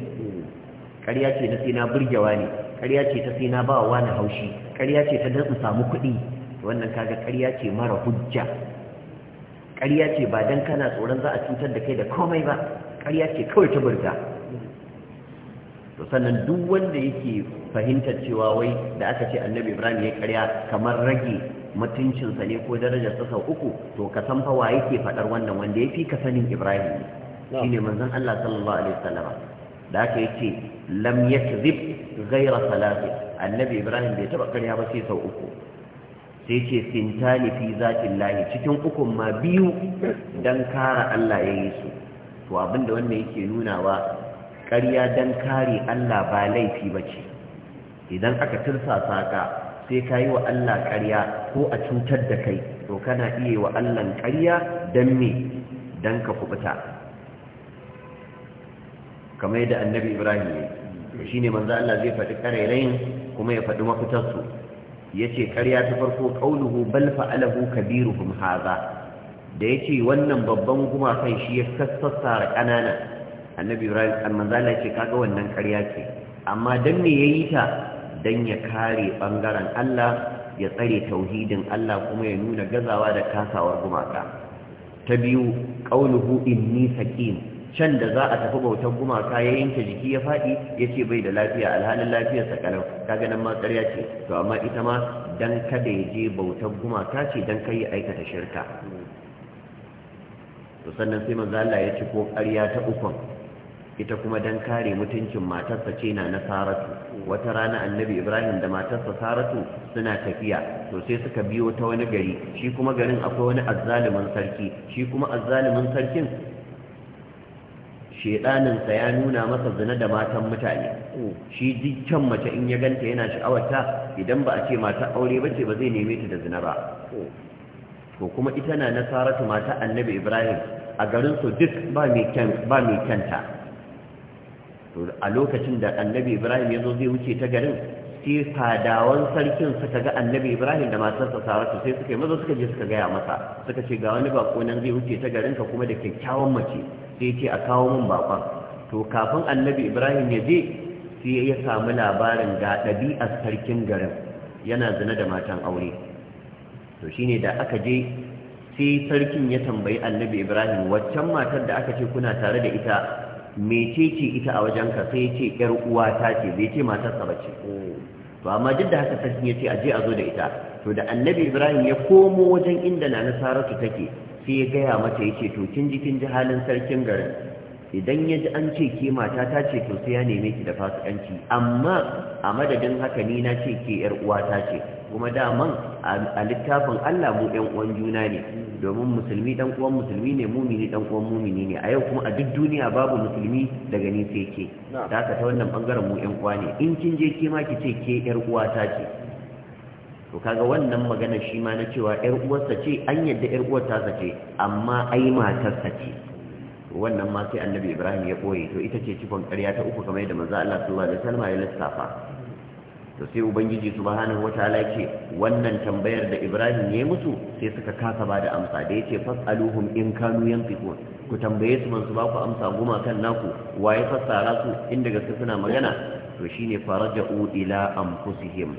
S1: ƙarya ce na sai na burgewa ne ƙarya ce ta sai na ba wa wani haushi ƙarya ce ta dan samu kuɗi wannan kaga ƙarya ce mara hujja ƙarya ce ba dan kana tsoron za a cutar da kai da komai ba ƙarya ce kawai ta burga to sannan duk wanda yake fahimtar cewa wai da aka ce annabi ibrahim ya karya kamar rage mutuncinsa ne ko darajarsa sau uku to ka san fa yake faɗar wannan wanda ya fi ka sanin ibrahim ne shine manzon allah sallallahu alaihi wasallama da aka yace lam yakzib ghayra salafi annabi ibrahim bai taba karya ba sai sau uku sai ce sintani fi zatin lahi cikin ukun ma biyu dan kara allah ya yi su to abinda wannan yake nunawa ƙarya don kare Allah ba laifi ba ce idan aka tursasa ka sai ka yi wa Allah ƙarya ko a cutar da kai to kana iya wa Allah ƙarya don me don ka kuɓuta. kamar yadda annabi ibrahim ne shi ne manzo Allah zai faɗi ƙarairayin kuma ya faɗi mafitarsu ya ce ƙarya ta farko ƙaunuhu bal alahu Kabiru haza da ya ce wannan babban gumakan shi ya sassassara ƙanana annabi ibrahim manzala ce kaga wannan ƙarya ce amma dan me yi ta don ya kare ɓangaren Allah ya tsare tauhidin Allah kuma ya nuna gazawa da kasawar gumaka ta biyu ƙaunuhu inni saqim can da za a tafi bautar gumaka ya yanke jiki ya faɗi ya ce bai da lafiya alhalin lafiyarsa kalau kaga nan ma ƙarya ce to amma ita ma dan kada ya je bautar gumaka ce dan kai ya aikata shirka to sannan sai manzo Allah ya ci ko ƙarya ta ukun ita kuma dan kare mutuncin matarsa ce na nasaratu wata rana annabi ibrahim da matarsa saratu suna tafiya to sai suka biyo ta wani gari shi kuma garin akwai wani azzalumin sarki shi kuma azzalumin sarkin
S2: shedaninsa ya nuna masa zina
S1: da matan mutane shi dukkan mace in ya ganta yana sha'awarta idan ba a ce mata aure ba ce ba zai neme ta da zina ba to kuma ita na na Saratu mata annabi ibrahim a garin su duk ba mai kyanta a lokacin da annabi ibrahim ya zo zai wuce ta garin sai fadawan sarkin suka ga annabi ibrahim da matarsa saratu sai suka yi mazo suka je suka gaya masa suka ce ga wani bako nan zai wuce ta garin ka kuma da kyakkyawan mace sai ce a kawo min bakon to kafin annabi ibrahim ya je sai ya samu labarin ga ɗabi'ar sarkin garin yana zina da matan aure to shine da aka je sai sarkin ya tambayi annabi ibrahim waccan matar da aka ce kuna tare da ita mecece ita a wajenka sai ya ce ‘yar uwa ta ce bai ce matarsa ba ce to amma duk da haka sarkin ya ce aje a zo da ita to da annabi ibrahim ya komo wajen inda na nasaratu take sai ya gaya mata ya ce to kin ji kin ji halin sarkin garin idan ya ji an ce ke mata ta ce to sai ya neme ki da fasikanci amma a madadin haka ni na ce ke yar uwa ta ce kuma daman a littafin Allah mu ɗan uwan juna ne domin musulmi ɗan uwan musulmi ne mumini ɗan uwan mumini ne a yau kuma a duk duniya babu musulmi daga ni sai ke da haka ta wannan bangaren mu ɗan uwa ne in kin je ke ma ki ce ke yar uwa ta ce to kaga wannan magana shi ma na cewa yar uwarsa ce an yadda yar uwar ta ce amma ai matarsa ce wannan ma sai annabi ibrahim ya ɓoye to ita ce cikon ƙarya ta uku kamar yadda manzo Allah sallallahu alaihi wasallam ya lissafa to sai ubangiji subhanahu wataala yake wannan tambayar da ibrahim ya musu sai suka kasa ba da amsa da yace fasaluhum in kanu yanfiqun ku tambaye su manzo ba ku amsa goma kan naku waye fassara su inda gaske suna magana to shine faraja'u ila anfusihim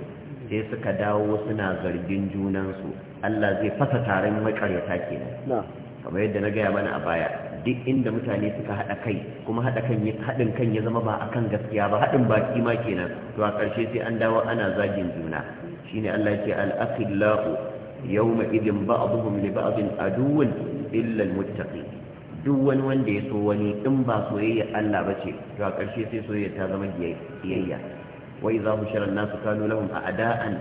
S1: sai suka dawo suna zargin junan su Allah zai fasa taron makaryata kenan kamar yadda na gaya mana a baya duk inda mutane suka haɗa kai kuma haɗin kan ya zama ba a kan gaskiya ba haɗin baki ma kenan to a ƙarshe sai an dawo ana zagin juna shine Allah ke al'aqillahu yawma idin a li a aduwwun illa almuttaqin duk wani wanda ya so wani in ba soyayya Allah bace to a ƙarshe sai soyayya ta zama biyayya. Wai za hushira an-nasu kanu a a'da'an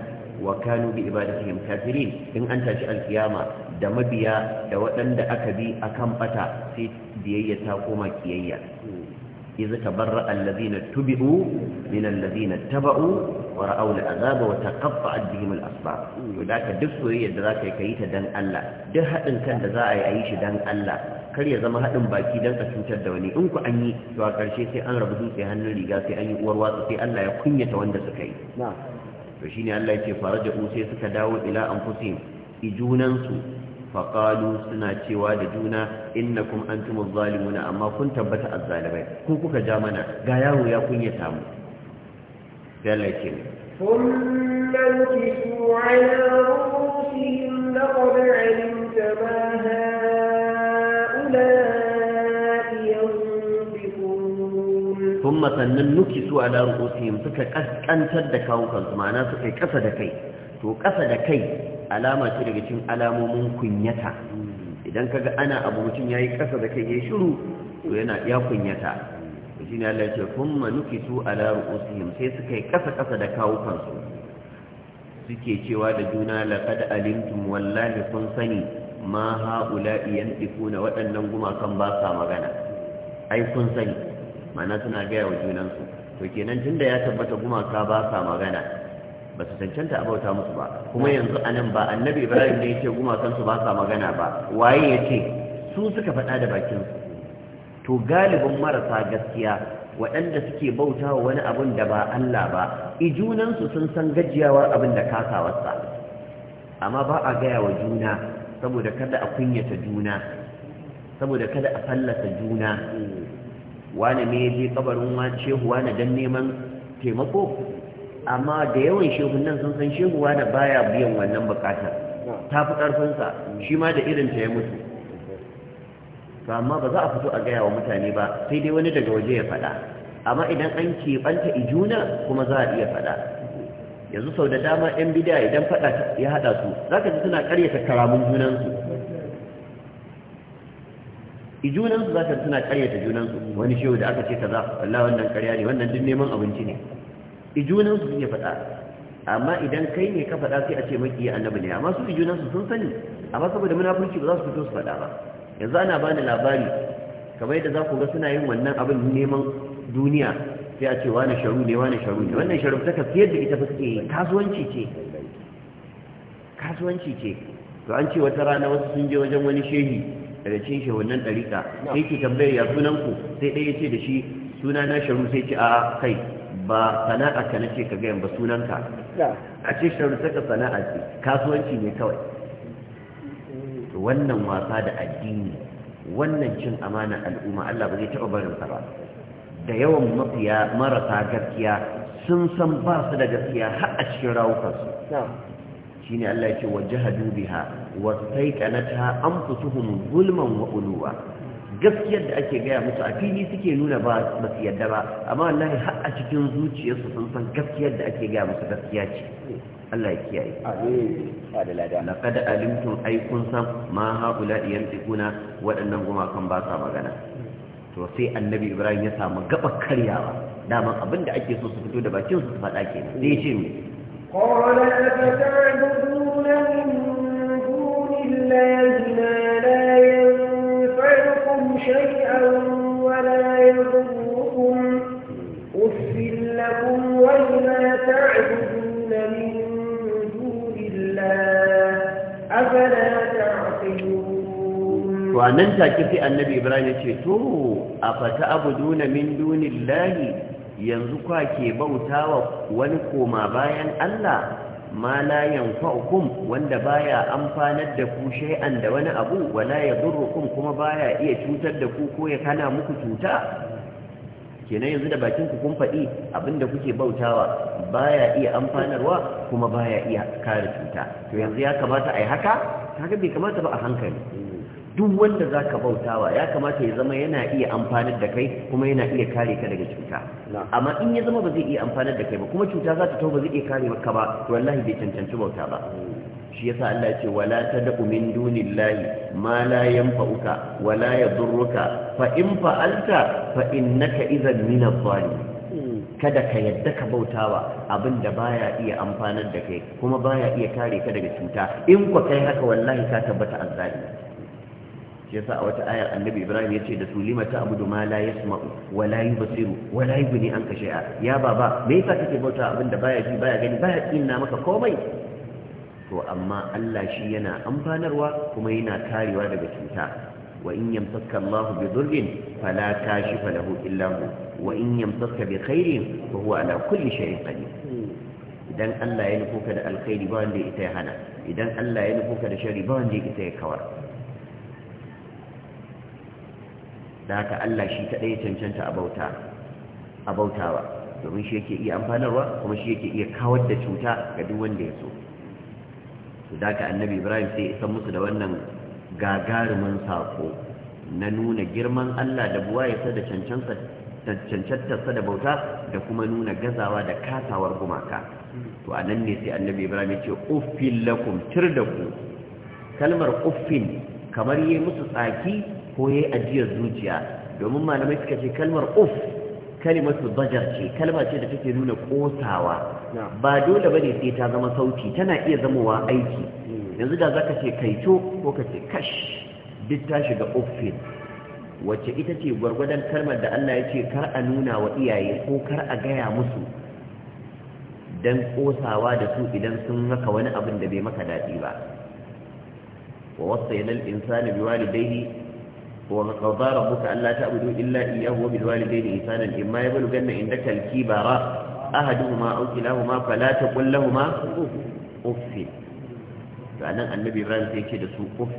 S1: wa kanu bi ibadatihim kafirin in an tashi alkiyama da mabiya da waɗanda aka bi akan bata sai biyayya ta koma kiyayya iz tabarra allazina tubi'u min allazina taba'u wa ra'aw al'azab wa taqatta'at bihim al'asbab ka duk soyayya da zaka yi ta dan Allah duk hadin kan da za a yi a yi shi dan Allah kar ya zama haɗin baki don a cutar da wani in ku an yi to a ƙarshe sai an rabu dutse hannun riga sai an yi uwar watsa sai Allah ya kunyata wanda suka yi to shine Allah yake da sai suka dawo ila anfusihim ijunansu faqalu suna cewa da juna innakum antumuz zalimuna amma kun tabbata azzalibai ku kuka ja mana ga ya kunyata mu sai Allah yake
S2: ثم انكسوا على رؤوسهم لقد علمت ما هؤلاء
S1: sun sannan nuki su a laru suka kaskantar da kawukansu ma'ana suka yi kasa da kai to kasa da kai alama ce daga cikin alamomin kunyata idan kaga ana abu mutum ya yi da kai ya shiru to yana ya kunyata shi ne Allah ya ce kun manuki su sai suka yi kasa kasa da kawukansu suke cewa da juna laƙad alimtum wallahi kun sani ma ha'ula'i yantikuna waɗannan gumakan ba sa magana ai kun sani ma'ana suna gaya wa junansu to kenan tunda ya tabbata gumaka ba sa magana ba su cancanta abauta musu ba kuma yanzu anan ba annabi ibrahim ne ce gumakansu ba sa magana ba waye yace su suka faɗa da bakinsu to galibin marasa gaskiya waɗanda suke bauta wa wani abin da ba Allah ba junansu sun san gajiyawar abin da kasawarsa amma ba a gaya wa juna saboda kada a kunyata juna saboda kada a fallasa juna wani ne ya je kabarin wa shehu wani don neman taimako amma da yawan shehu nan sun san shehu wani baya biyan wannan bukatar ta fi ƙarfinsa shi ma da irin ta ya mutu amma ba za a fito a gaya wa mutane ba sai dai wani daga waje ya faɗa amma idan an keɓanta ijuna kuma za a iya faɗa yanzu sau da dama 'yan bidiya idan faɗa ya haɗa su za ji suna ƙaryata karamin junansu junansu za ta suna karyata junansu wani shehu da aka ce kaza wallahi wannan karya ne wannan duk neman abinci ne junansu suke faɗa amma idan kai ne ka faɗa sai a ce maki annabi ne amma su ijunansu sun sani amma saboda munafurci ba za su fito su faɗa ba yanzu ana bani labari kamar yadda za ku ga suna yin wannan abin neman duniya sai a ce wani sharu ne wani sharu ne wannan sharu ta kafiyar da ita fuske kasuwanci ce kasuwanci ce to an ce wata rana wasu sun je wajen wani shehi daga cikin wannan ɗariƙa sai ke tambaya ya sunan ku sai ɗaya ce da shi suna na sharu sai ce a kai ba sana'a ka ce ka gayan ba sunanka a ce sharu saka sana'a ce kasuwanci ne kawai wannan wasa da addini wannan cin amana al'umma Allah ba zai taɓa sa ba da yawan mafiya marasa gaskiya sun san ba su da gaskiya har a cikin rawukansu shine Allah yake sai biha an anfusuhum zulman wa uluwa gaskiyar da ake gaya musu a fili suke nuna ba ba su yadda ba amma wallahi har a cikin zuciyarsu sun san gaskiyar da ake gaya musu gaskiya ce Allah ya kiyaye amin kada alimtum ay kun san ma haula yantiquna waɗannan gumakan ba sa magana to sai annabi Ibrahim ya samu gaba karyawa dama abinda ake so su fito da bakin su su faɗa kenan sai ya ce قال أفتعبدون من دون
S2: الله ما لا ينفعكم شيئا ولا يضركم لكم تعبدون من دون الله أفلا تعقلون
S1: النبي إبراهيم أفتعبدون من دون الله yanzu kwa ke bauta wa wani koma bayan Allah ma la yanfa'ukum wanda baya amfanar da ku shay'an da wani abu wala yadurrukum kuma baya iya cutar da ku ko ya kana muku cuta kenan yanzu da bakin ku kun faɗi abinda kuke bautawa baya iya amfanarwa kuma baya iya kare cuta to yanzu ya kamata a yi haka kaga bai kamata ba a hankali duk wanda za ka bautawa ya kamata ya zama yana iya amfanar da kai kuma yana iya kare ka daga cuta amma in ya zama ba zai iya amfanar da kai ba kuma cuta za ta tau ba zai iya kare maka ba wallahi bai cancanci bauta ba shi yasa Allah ya ce wala tad'u min dunillahi ma la yanfa'uka wala yadurruka fa in fa'alta fa innaka idhan min adh-dhalimin hmm. kada ka yadda ka bautawa abin da baya iya amfanar da kai kuma baya iya kare ka daga cuta in ka kai haka wallahi ka tabbata azzalimi yasa a wata ayar annabi ibrahim ya ce da su lima ta abudu ma la yasma'u wa la yubsiru wa la yughni anka shay'a ya baba me yasa kake bauta abin da baya ji baya gani baya tsinna maka komai to amma Allah shi yana amfanarwa kuma yana karewa daga cuta wa in yamsaka Allah bi dhurrin fala kashifa lahu illa hu wa in yamsaka bi khairin fa huwa ala kulli shay'in qadir idan Allah ya nufo ka da alkhairi ba wanda ya ita ya hana idan Allah ya nufo ka da shari ba wanda ita ya kawar da haka Allah shi kaɗai ya cancanta a bautawa domin shi yake iya amfanarwa kuma shi yake iya kawar da cuta ga duk wanda ya so su da annabi ibrahim sai isan musu da wannan gagarumin sako na nuna girman Allah da buwa ya da cancantarsa da bauta da kuma nuna gazawa da katawar gumaka to a nan ne sai annabi ibrahim ya ce uffin lakum tir da ku kalmar uffin kamar yi musu tsaki ko yayi ajiyar zuciya domin malamai suka ce kalmar uf su bajar ce kalma ce da take nuna kosawa ba dole bane sai ta zama sauti tana iya zamowa aiki hmm. yanzu da zaka ce kaito ko ka ce kash duk ta shiga uffin wacce ita ce gwargwadon kalmar da Allah ya ce kar a nuna wa iyaye ko kar a gaya musu dan kosawa da su idan sun maka wani abin da bai maka daɗi ba wa wasu yanar insani daidai. wa makarba rabuka Allah ta abudu illa iyahu wa bilwalidaini isanan in ma ya bulgan na inda kalki bara ahaduhuma aw kilahuma fala taqul lahumu uff sanan annabi Ibrahim sai yake da su uff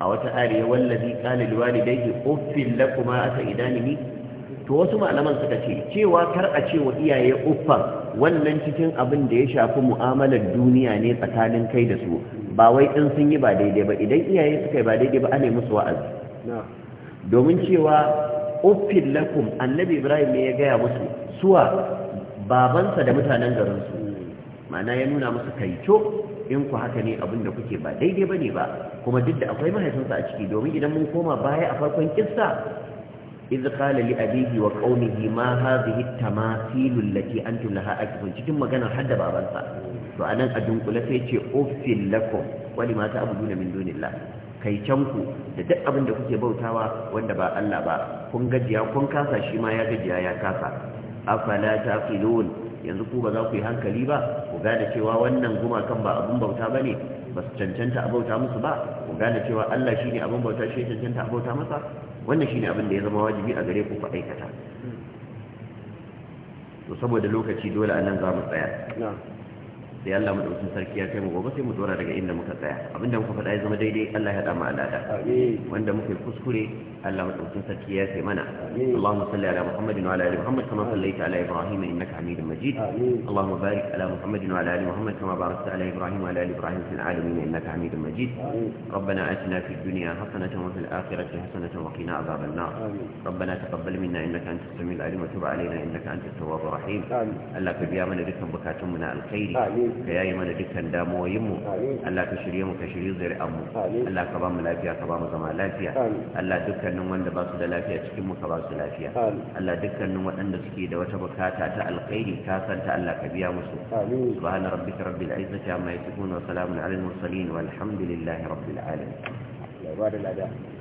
S1: a wata ayi wallazi qala liwalidayhi uff lakuma ata idanini to wasu malaman suka ce cewa kar a ce wa iyaye uffa wannan cikin abin da ya shafi mu'amalar duniya ne tsakanin kai da su ba wai in sun yi ba daidai ba idan iyaye suka yi ba daidai ba ana musu wa'azi domin cewa uffin lakum annabi ibrahim ne ya gaya musu suwa babansa da mutanen garinsu ma'ana ya nuna musu kaico in ku haka ne abin da kuke ba daidai ba ne ba kuma duk da akwai mahaifinsa a ciki domin idan mun koma baya a farkon kissa إذ قال لأبيه وقومه ما هذه التماثيل التي أنتم لها cikin شكما har da babansa. to a nan a dunkule sai ce uffil lakum wali ma duna min dunillah kai canku da duk abin da kuke bautawa wanda ba Allah ba kun gajiya kun kasa shi ma ya gajiya ya kasa afala taqilun yanzu ku ba za ku yi hankali ba ku gane cewa wannan guma kan ba abun bauta bane ba su cancanta a bauta musu ba ku gane cewa Allah shine abun bauta shi cancanta a bauta masa wannan shine abin da ya zama wajibi a gare ku ku aikata to saboda lokaci dole a nan za mu tsaya sai Allah madaukakin sarki ya kai mu gobe sai mu dora daga inda muka tsaya abinda muka faɗa ya zama daidai Allah ya dama alada wanda muka yi kuskure Allah madaukakin sarki ya kai mana Allahumma salli ala Muhammadin wa ala ali Muhammad kama sallaita ala Ibrahim innaka Hamidum Majid Allahumma barik ala Muhammadin wa ala ali Muhammad kama barakta ala Ibrahim wa ala ali Ibrahim fil alamin innaka Hamidum Majid ربنا آتنا في الدنيا حسنة وفي الآخرة حسنة وقنا عذاب النار ربنا تقبل منا إنك أنت السميع العليم وتب علينا إنك أنت التواب الرحيم الله كبيا من ذكر بكاتمنا الخير ka yayi mana dukkan damuwoyin mu Allah ka shirye mu ka shirye zuri'an mu Allah ka ba mu lafiya ka ba mu zama lafiya Allah dukkanin wanda ba su da lafiya cikin mu ka ba su lafiya Allah dukkanin waɗanda suke da wata bukata ta alkhairi ka ta Allah ka biya musu subhana rabbika rabbil izzati amma yasifun wa salamun alal mursalin walhamdulillahi rabbil alamin